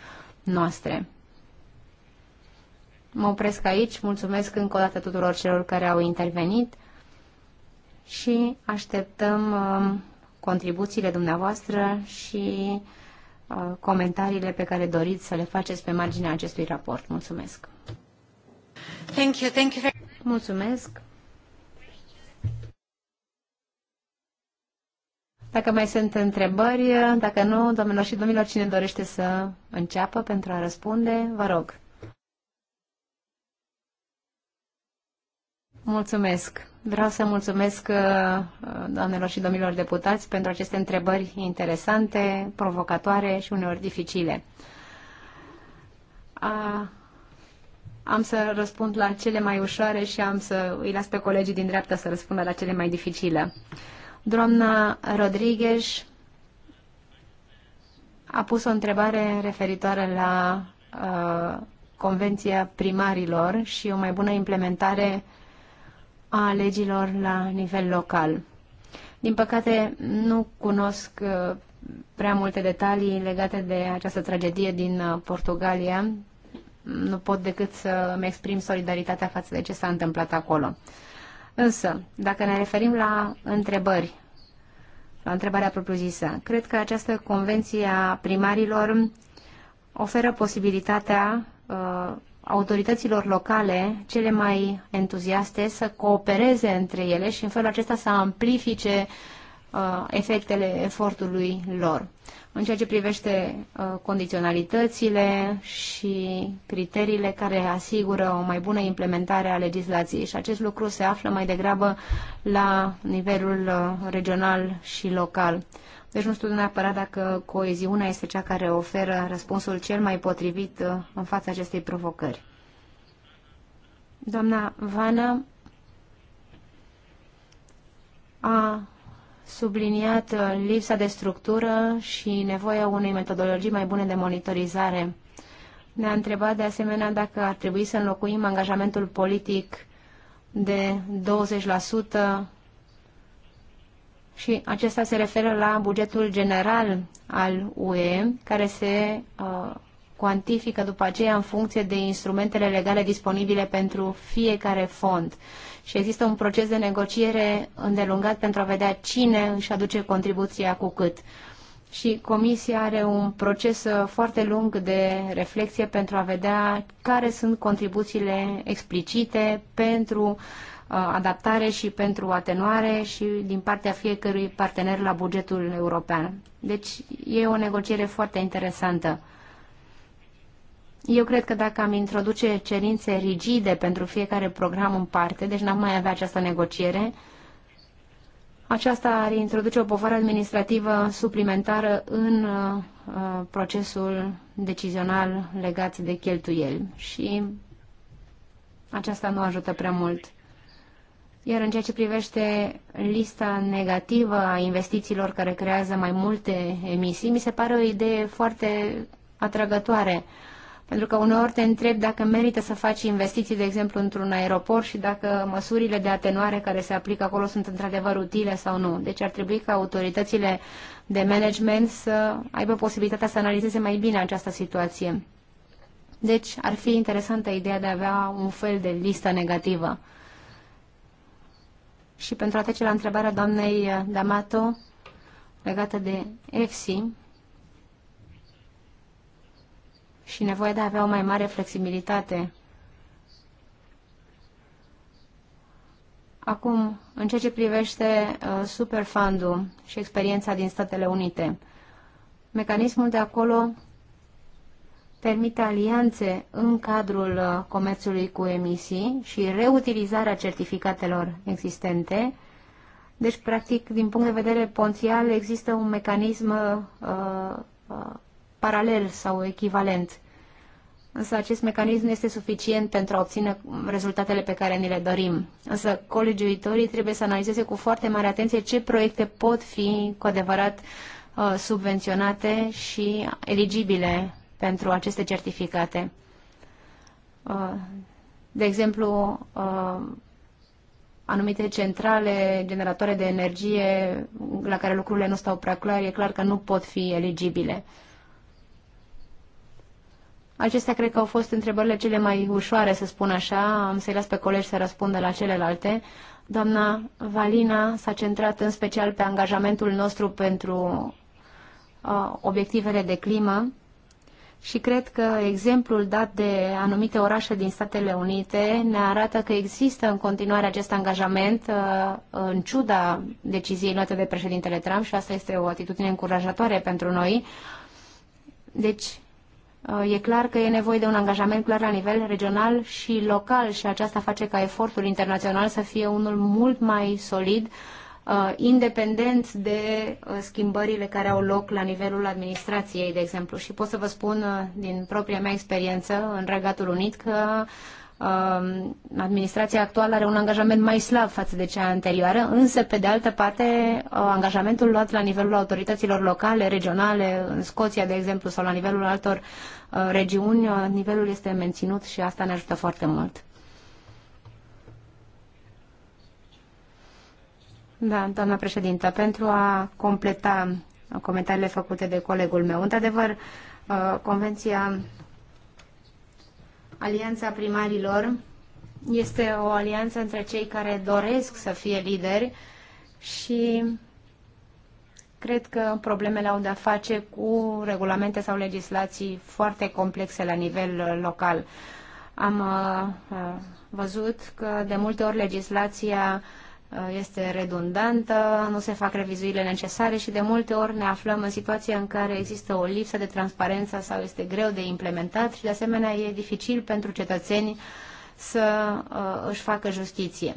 noastre. Mă opresc aici, mulțumesc încă o dată tuturor celor care au intervenit și așteptăm um, contribuțiile dumneavoastră și uh, comentariile pe care doriți să le faceți pe marginea acestui raport. Mulțumesc! Thank you, thank you very... Mulțumesc! Dacă mai sunt întrebări, dacă nu, domnilor și domnilor, cine dorește să înceapă pentru a răspunde, vă rog. Mulțumesc. Vreau să mulțumesc uh, doamnelor și domnilor deputați pentru aceste întrebări interesante, provocatoare și uneori dificile. A, am să răspund la cele mai ușoare și am să îi las pe colegii din dreapta să răspundă la cele mai dificile. Doamna Rodriguez a pus o întrebare referitoare la uh, Convenția Primarilor și o mai bună implementare a legilor la nivel local. Din păcate, nu cunosc uh, prea multe detalii legate de această tragedie din uh, Portugalia. Nu pot decât să mi exprim solidaritatea față de ce s-a întâmplat acolo. Uh, Însă, dacă ne referim la întrebări, la întrebarea propriu-zisă, cred că această convenție a primarilor oferă posibilitatea uh, autorităților locale cele mai entuziaste să coopereze între ele și în felul acesta să amplifice uh, Uh, efectele efortului lor. În ceea ce privește uh, condiționalitățile și criteriile care asigură o mai bună implementare a legislației și acest lucru se află mai degrabă la nivelul uh, regional și local. Deci nu știu neapărat dacă coeziunea este cea care oferă răspunsul cel mai potrivit în fața acestei provocări. Doamna Vana a subliniat uh, lipsa de structură și nevoia unei metodologii mai bune de monitorizare. Ne-a întrebat de asemenea dacă ar trebui să înlocuim angajamentul politic de 20% și acesta se referă la bugetul general al UE, care se uh, cuantifică după aceea în funcție de instrumentele legale disponibile pentru fiecare fond. Și există un proces de negociere îndelungat pentru a vedea cine își aduce contribuția cu cât. Și Comisia are un proces uh, foarte lung de reflexie pentru a vedea care sunt contribuțiile explicite pentru uh, adaptare și pentru atenuare și din partea fiecărui partener la bugetul european. Deci e o negociere foarte interesantă. Eu cred că dacă am introduce cerințe rigide pentru fiecare program în parte, deci n-am mai avea această negociere, aceasta ar introduce o povară administrativă suplimentară în uh, procesul decizional legat de cheltuieli și aceasta nu ajută prea mult. Iar în ceea ce privește lista negativă a investițiilor care creează mai multe emisii, mi se pare o idee foarte atrăgătoare. Uh, pentru că uneori te întreb dacă merită să faci investiții, de exemplu, într-un aeroport și dacă măsurile de atenuare care se aplică acolo sunt într-adevăr utile sau nu. Deci ar trebui ca autoritățile de management să aibă posibilitatea să analizeze mai bine această situație. Deci ar fi interesantă ideea de a avea un fel de listă negativă. Și pentru a trece la întrebarea doamnei D'Amato legată de EFSI, și nevoie de a avea o mai mare flexibilitate. Acum, în ceea ce privește uh, superfundul și experiența din Statele Unite, mecanismul de acolo permite alianțe în cadrul uh, comerțului cu emisii și reutilizarea certificatelor existente. Deci, practic, din punct de vedere ponțial, există un mecanism uh, uh, paralel sau echivalent. Însă acest mecanism nu este suficient pentru a obține rezultatele pe care ni le dorim. Însă colegiuitorii trebuie să analizeze cu foarte mare atenție ce proiecte pot fi cu adevărat uh, subvenționate și eligibile pentru aceste certificate. Uh, de exemplu, uh, anumite centrale generatoare de energie la care lucrurile nu stau prea clar, e clar că nu pot fi eligibile. Acestea cred că au fost întrebările cele mai ușoare, să spun așa. Am să-i las pe colegi să răspundă la celelalte. Doamna Valina s-a centrat în special pe angajamentul nostru pentru uh, obiectivele de climă și cred că exemplul dat de anumite orașe din Statele Unite ne arată că există în continuare acest angajament uh, în ciuda deciziei luate de președintele Trump și asta este o atitudine încurajatoare pentru noi. Deci, Uh, e clar că e nevoie de un angajament clar la nivel regional și local și aceasta face ca efortul internațional să fie unul mult mai solid, uh, independent de uh, schimbările care au loc la nivelul administrației, de exemplu. Și pot să vă spun din propria mea experiență în Regatul Unit că Um, administrația actuală are un angajament mai slab față de cea anterioară, însă, pe de altă parte, uh, angajamentul luat la nivelul autorităților locale, regionale, în Scoția, de exemplu, sau la nivelul altor uh, regiuni, uh, nivelul este menținut și asta ne ajută foarte mult. Da, doamna președintă, pentru a completa comentariile făcute de colegul meu, într-adevăr, Convenția Alianța primarilor este o alianță între cei care doresc să fie lideri și cred că problemele au de-a face cu regulamente sau legislații foarte complexe la nivel uh, local. Am uh, uh, văzut că de multe ori legislația uh, Uh, este redundantă, nu se fac revizuirile necesare și de multe ori ne aflăm în situația în care există o lipsă de transparență sau este greu de implementat și de asemenea e dificil pentru cetățeni să uh, își facă justiție.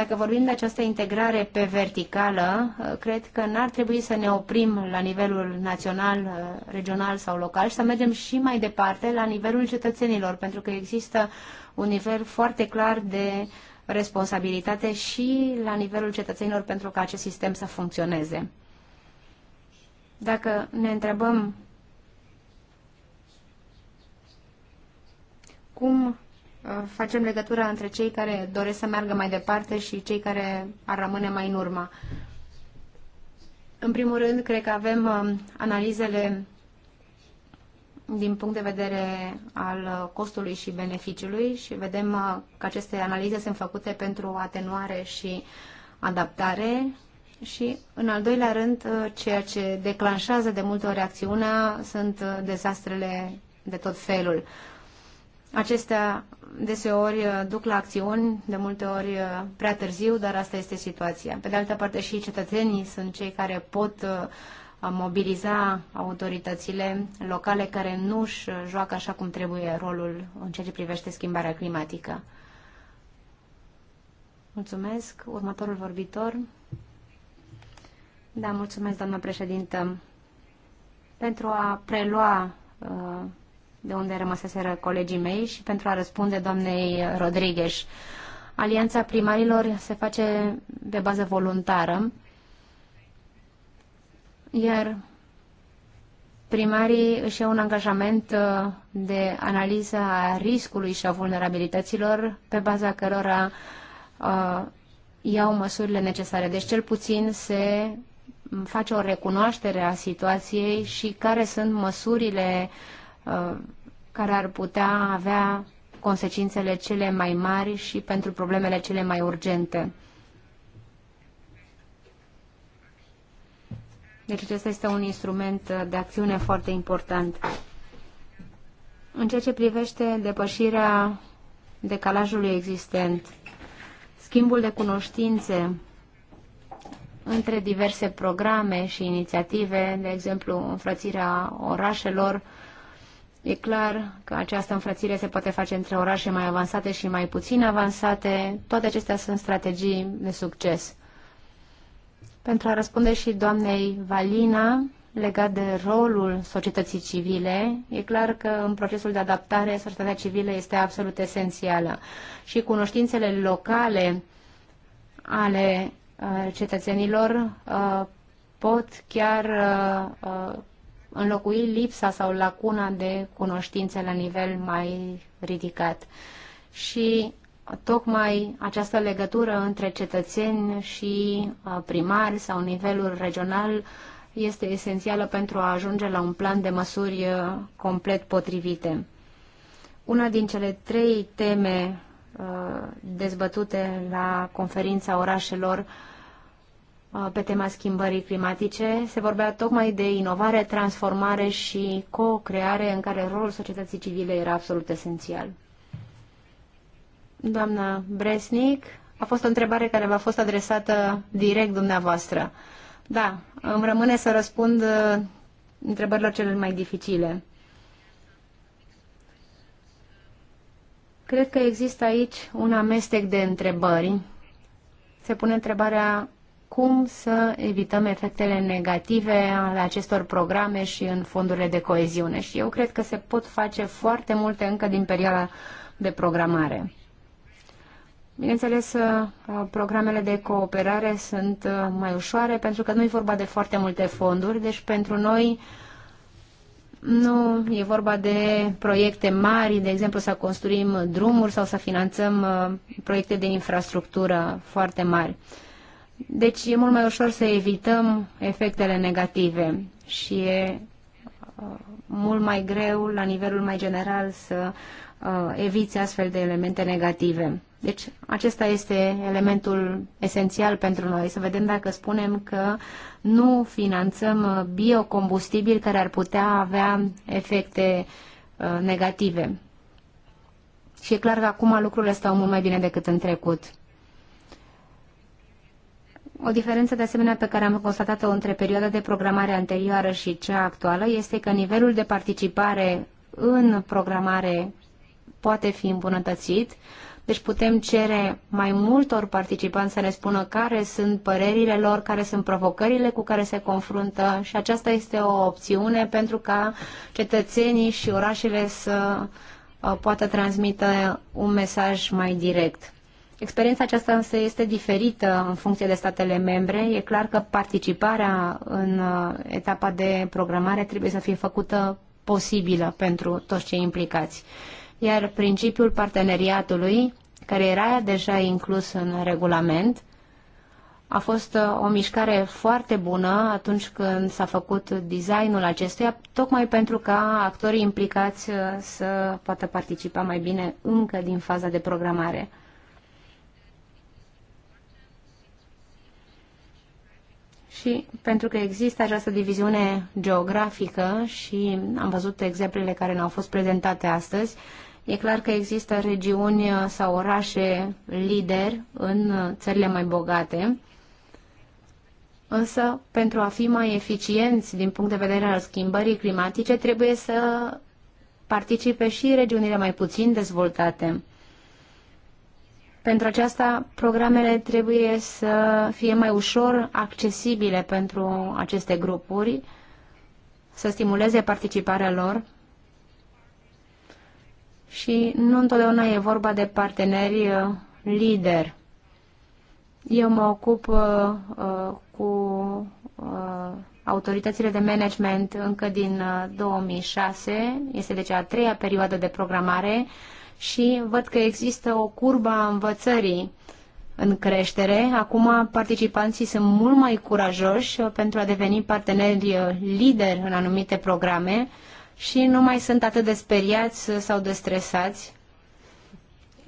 Dacă vorbim de această integrare pe verticală, uh, cred că n-ar trebui să ne oprim la nivelul național, uh, regional sau local și să mergem și mai departe la nivelul cetățenilor, pentru că există un nivel foarte clar de responsabilitate și la nivelul cetățenilor pentru ca acest sistem să funcționeze. Dacă ne întrebăm cum Uh, facem legătura între cei care doresc să meargă mai departe și cei care ar rămâne mai în urmă. În primul rând, cred că avem uh, analizele din punct de vedere al uh, costului și beneficiului și vedem că aceste analize sunt făcute pentru atenuare și adaptare și, în al doilea rând, ceea ce declanșează de multe ori acțiunea sunt dezastrele de tot felul. Acestea deseori uh, duc la acțiuni, de multe ori uh, prea târziu, dar asta este situația. Pe de altă parte și cetățenii sunt cei care pot uh, mobiliza autoritățile locale care nu își joacă așa cum trebuie rolul în ceea ce privește schimbarea climatică. Mulțumesc. Următorul vorbitor. Da, mulțumesc, doamnă președintă. Pentru a prelua uh, de unde rămăseseră colegii mei și pentru a răspunde doamnei Rodrigues. Alianța primarilor se face pe bază voluntară, iar primarii își iau un angajament uh, de analiză a riscului și a vulnerabilităților pe baza cărora uh, iau măsurile necesare. Deci cel puțin se face o recunoaștere a situației și care sunt măsurile uh, Uh, care ar putea avea consecințele cele mai mari și pentru problemele cele mai urgente. Deci acesta este un instrument de acțiune foarte important. În ceea ce privește depășirea decalajului existent, schimbul de cunoștințe între diverse programe și inițiative, de exemplu înfrățirea orașelor, E clar că această înfrățire se poate face între orașe mai avansate și mai puțin avansate. Toate acestea sunt strategii de succes. Pentru a răspunde și doamnei Valina, legat de rolul societății civile, e clar că în procesul de adaptare societatea civilă este absolut esențială și cunoștințele locale ale uh, cetățenilor uh, pot chiar uh, înlocui lipsa sau lacuna de cunoștințe la nivel mai ridicat. Și tocmai această legătură între cetățeni și uh, primari sau nivelul regional este esențială pentru a ajunge la un plan de măsuri uh, complet potrivite. Una din cele trei teme uh, dezbătute la conferința orașelor pe tema schimbării climatice. Se vorbea tocmai de inovare, transformare și co-creare în care rolul societății civile era absolut esențial. Doamna Bresnic, a fost o întrebare care v-a fost adresată direct dumneavoastră. Da, îmi rămâne să răspund uh, întrebărilor cele mai dificile. Cred că există aici un amestec de întrebări. Se pune întrebarea cum să evităm efectele negative ale acestor programe și în fondurile de coeziune. Și eu cred că se pot face foarte multe încă din perioada de programare. Bineînțeles, uh, programele de cooperare sunt uh, mai ușoare pentru că nu e vorba de foarte multe fonduri, deci pentru noi nu e vorba de proiecte mari, de exemplu să construim drumuri sau să finanțăm uh, proiecte de infrastructură foarte mari. Deci e mult mai ușor să evităm efectele negative și e uh, mult mai greu la nivelul mai general să uh, eviți astfel de elemente negative. Deci acesta este elementul esențial pentru noi, să vedem dacă spunem că nu finanțăm uh, biocombustibil care ar putea avea efecte negative. Și e clar că acum lucrurile stau mult mai bine decât în trecut. O diferență de asemenea pe care am constatat-o între perioada de programare anterioară și cea actuală este că nivelul de participare în programare poate fi îmbunătățit, deci putem cere mai multor participanți să ne spună care sunt părerile lor, care sunt provocările cu care se confruntă și aceasta este o opțiune pentru ca cetățenii și orașele să uh, poată transmite un mesaj mai direct. Experiența aceasta însă este diferită în funcție de statele membre. E clar că participarea în uh, etapa de programare trebuie să fie făcută posibilă pentru toți cei implicați. Iar principiul parteneriatului, care era deja inclus în regulament, a fost uh, o mișcare foarte bună atunci când s-a făcut designul acestuia, tocmai pentru ca actorii implicați uh, să poată participa mai bine încă din faza de programare. Și pentru că există această diviziune geografică și am văzut exemplele care ne-au fost prezentate astăzi, e clar că există regiuni sau orașe lideri în țările mai bogate, însă pentru a fi mai eficienți din punct de vedere al schimbării climatice trebuie să participe și regiunile mai puțin dezvoltate. Pentru aceasta, programele trebuie să fie mai ușor accesibile pentru aceste grupuri, să stimuleze participarea lor și nu întotdeauna e vorba de parteneri uh, lider. Eu mă ocup uh, uh, cu uh, autoritățile de management încă din uh, 2006, este deci a treia perioadă de programare, uh, și văd că există o curbă a învățării în creștere. Acum participanții sunt mult mai curajoși pentru a deveni parteneri uh, lideri în anumite programe și nu mai sunt atât de speriați sau de stresați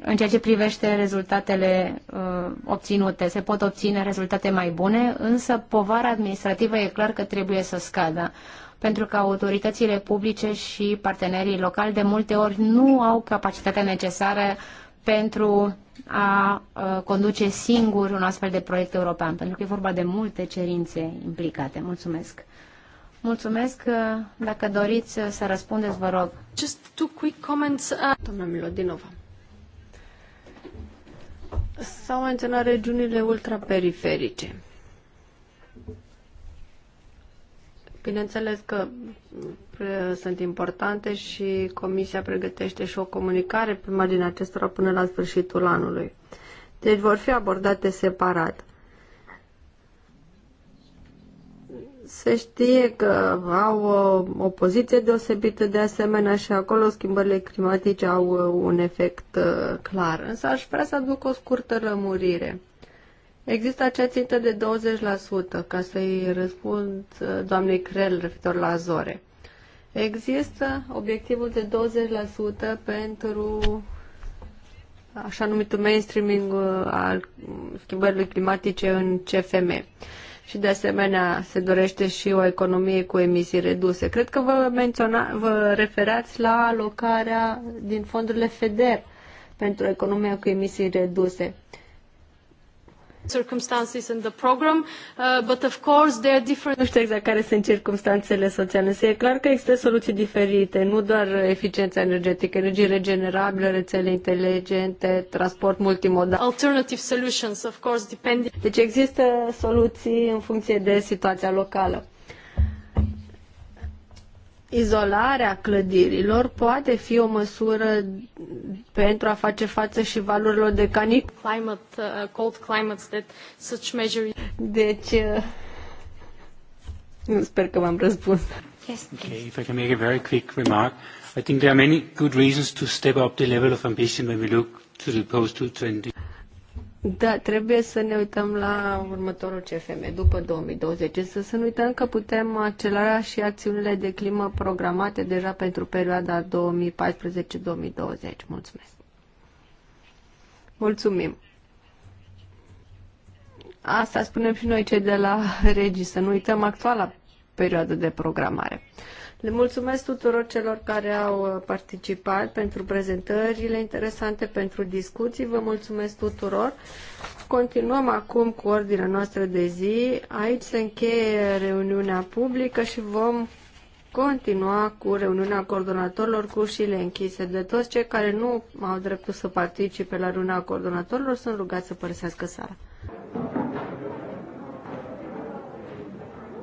în ceea ce privește rezultatele uh, obținute. Se pot obține rezultate mai bune, însă povara administrativă e clar că trebuie să scadă pentru că autoritățile publice și partenerii locali de multe ori nu au capacitatea necesară pentru a uh, conduce singur un astfel de proiect european, pentru că e vorba de multe cerințe implicate. Mulțumesc! Mulțumesc. Uh, dacă doriți uh, să răspundeți, vă rog. Just two quick comments. Doamna Milodinova. S-au menționat regiunile ultraperiferice. Bineînțeles că sunt importante și Comisia pregătește și o comunicare prima din acestora până la sfârșitul anului. Deci vor fi abordate separat. se știe că au o, uh, o poziție deosebită de asemenea și acolo schimbările climatice au uh, un efect uh, clar. Însă aș vrea să aduc o scurtă rămurire. Există acea țintă de 20% ca să-i răspund uh, doamnei Crel referitor la Azore. Există obiectivul de 20% pentru așa numitul mainstreaming uh, al schimbărilor climatice în CFM. Și de asemenea se dorește și o economie cu emisii reduse. Cred că vă, menționa, vă referați la alocarea din fondurile FEDER pentru economia cu emisii reduse. Uh, circumstances in the program, uh, but of course there are different... Nu știu exact care sunt circumstanțele sociale, însă e clar că există soluții diferite, nu doar eficiența energetică, energie regenerabilă, rețele inteligente, transport multimodal. Alternative solutions, of course, depending... Deci există soluții în funcție de situația locală izolarea clădirilor poate fi o măsură pentru a face față și valurilor de canic. Climate, uh, cold climates that such measure... Deci, uh, sper că v-am răspuns. Yes, okay, if I can make a very quick remark. I think there are many good reasons to step up the level of ambition when we look to the post-2020. Da, trebuie să ne uităm la următorul CFM după 2020, să, să nu uităm că putem accelera și acțiunile de climă programate deja pentru perioada 2014-2020. Mulțumesc! Mulțumim! Asta spunem și noi cei de la Regi, să nu uităm actuala perioadă de programare. Le mulțumesc tuturor celor care au uh, participat pentru prezentările interesante, pentru discuții. Vă mulțumesc tuturor. Continuăm acum cu ordinea noastră de zi. Aici se încheie reuniunea publică și vom continua cu reuniunea coordonatorilor cu ușile închise de toți cei care nu au dreptul să participe la reuniunea coordonatorilor sunt rugați să părăsească sala.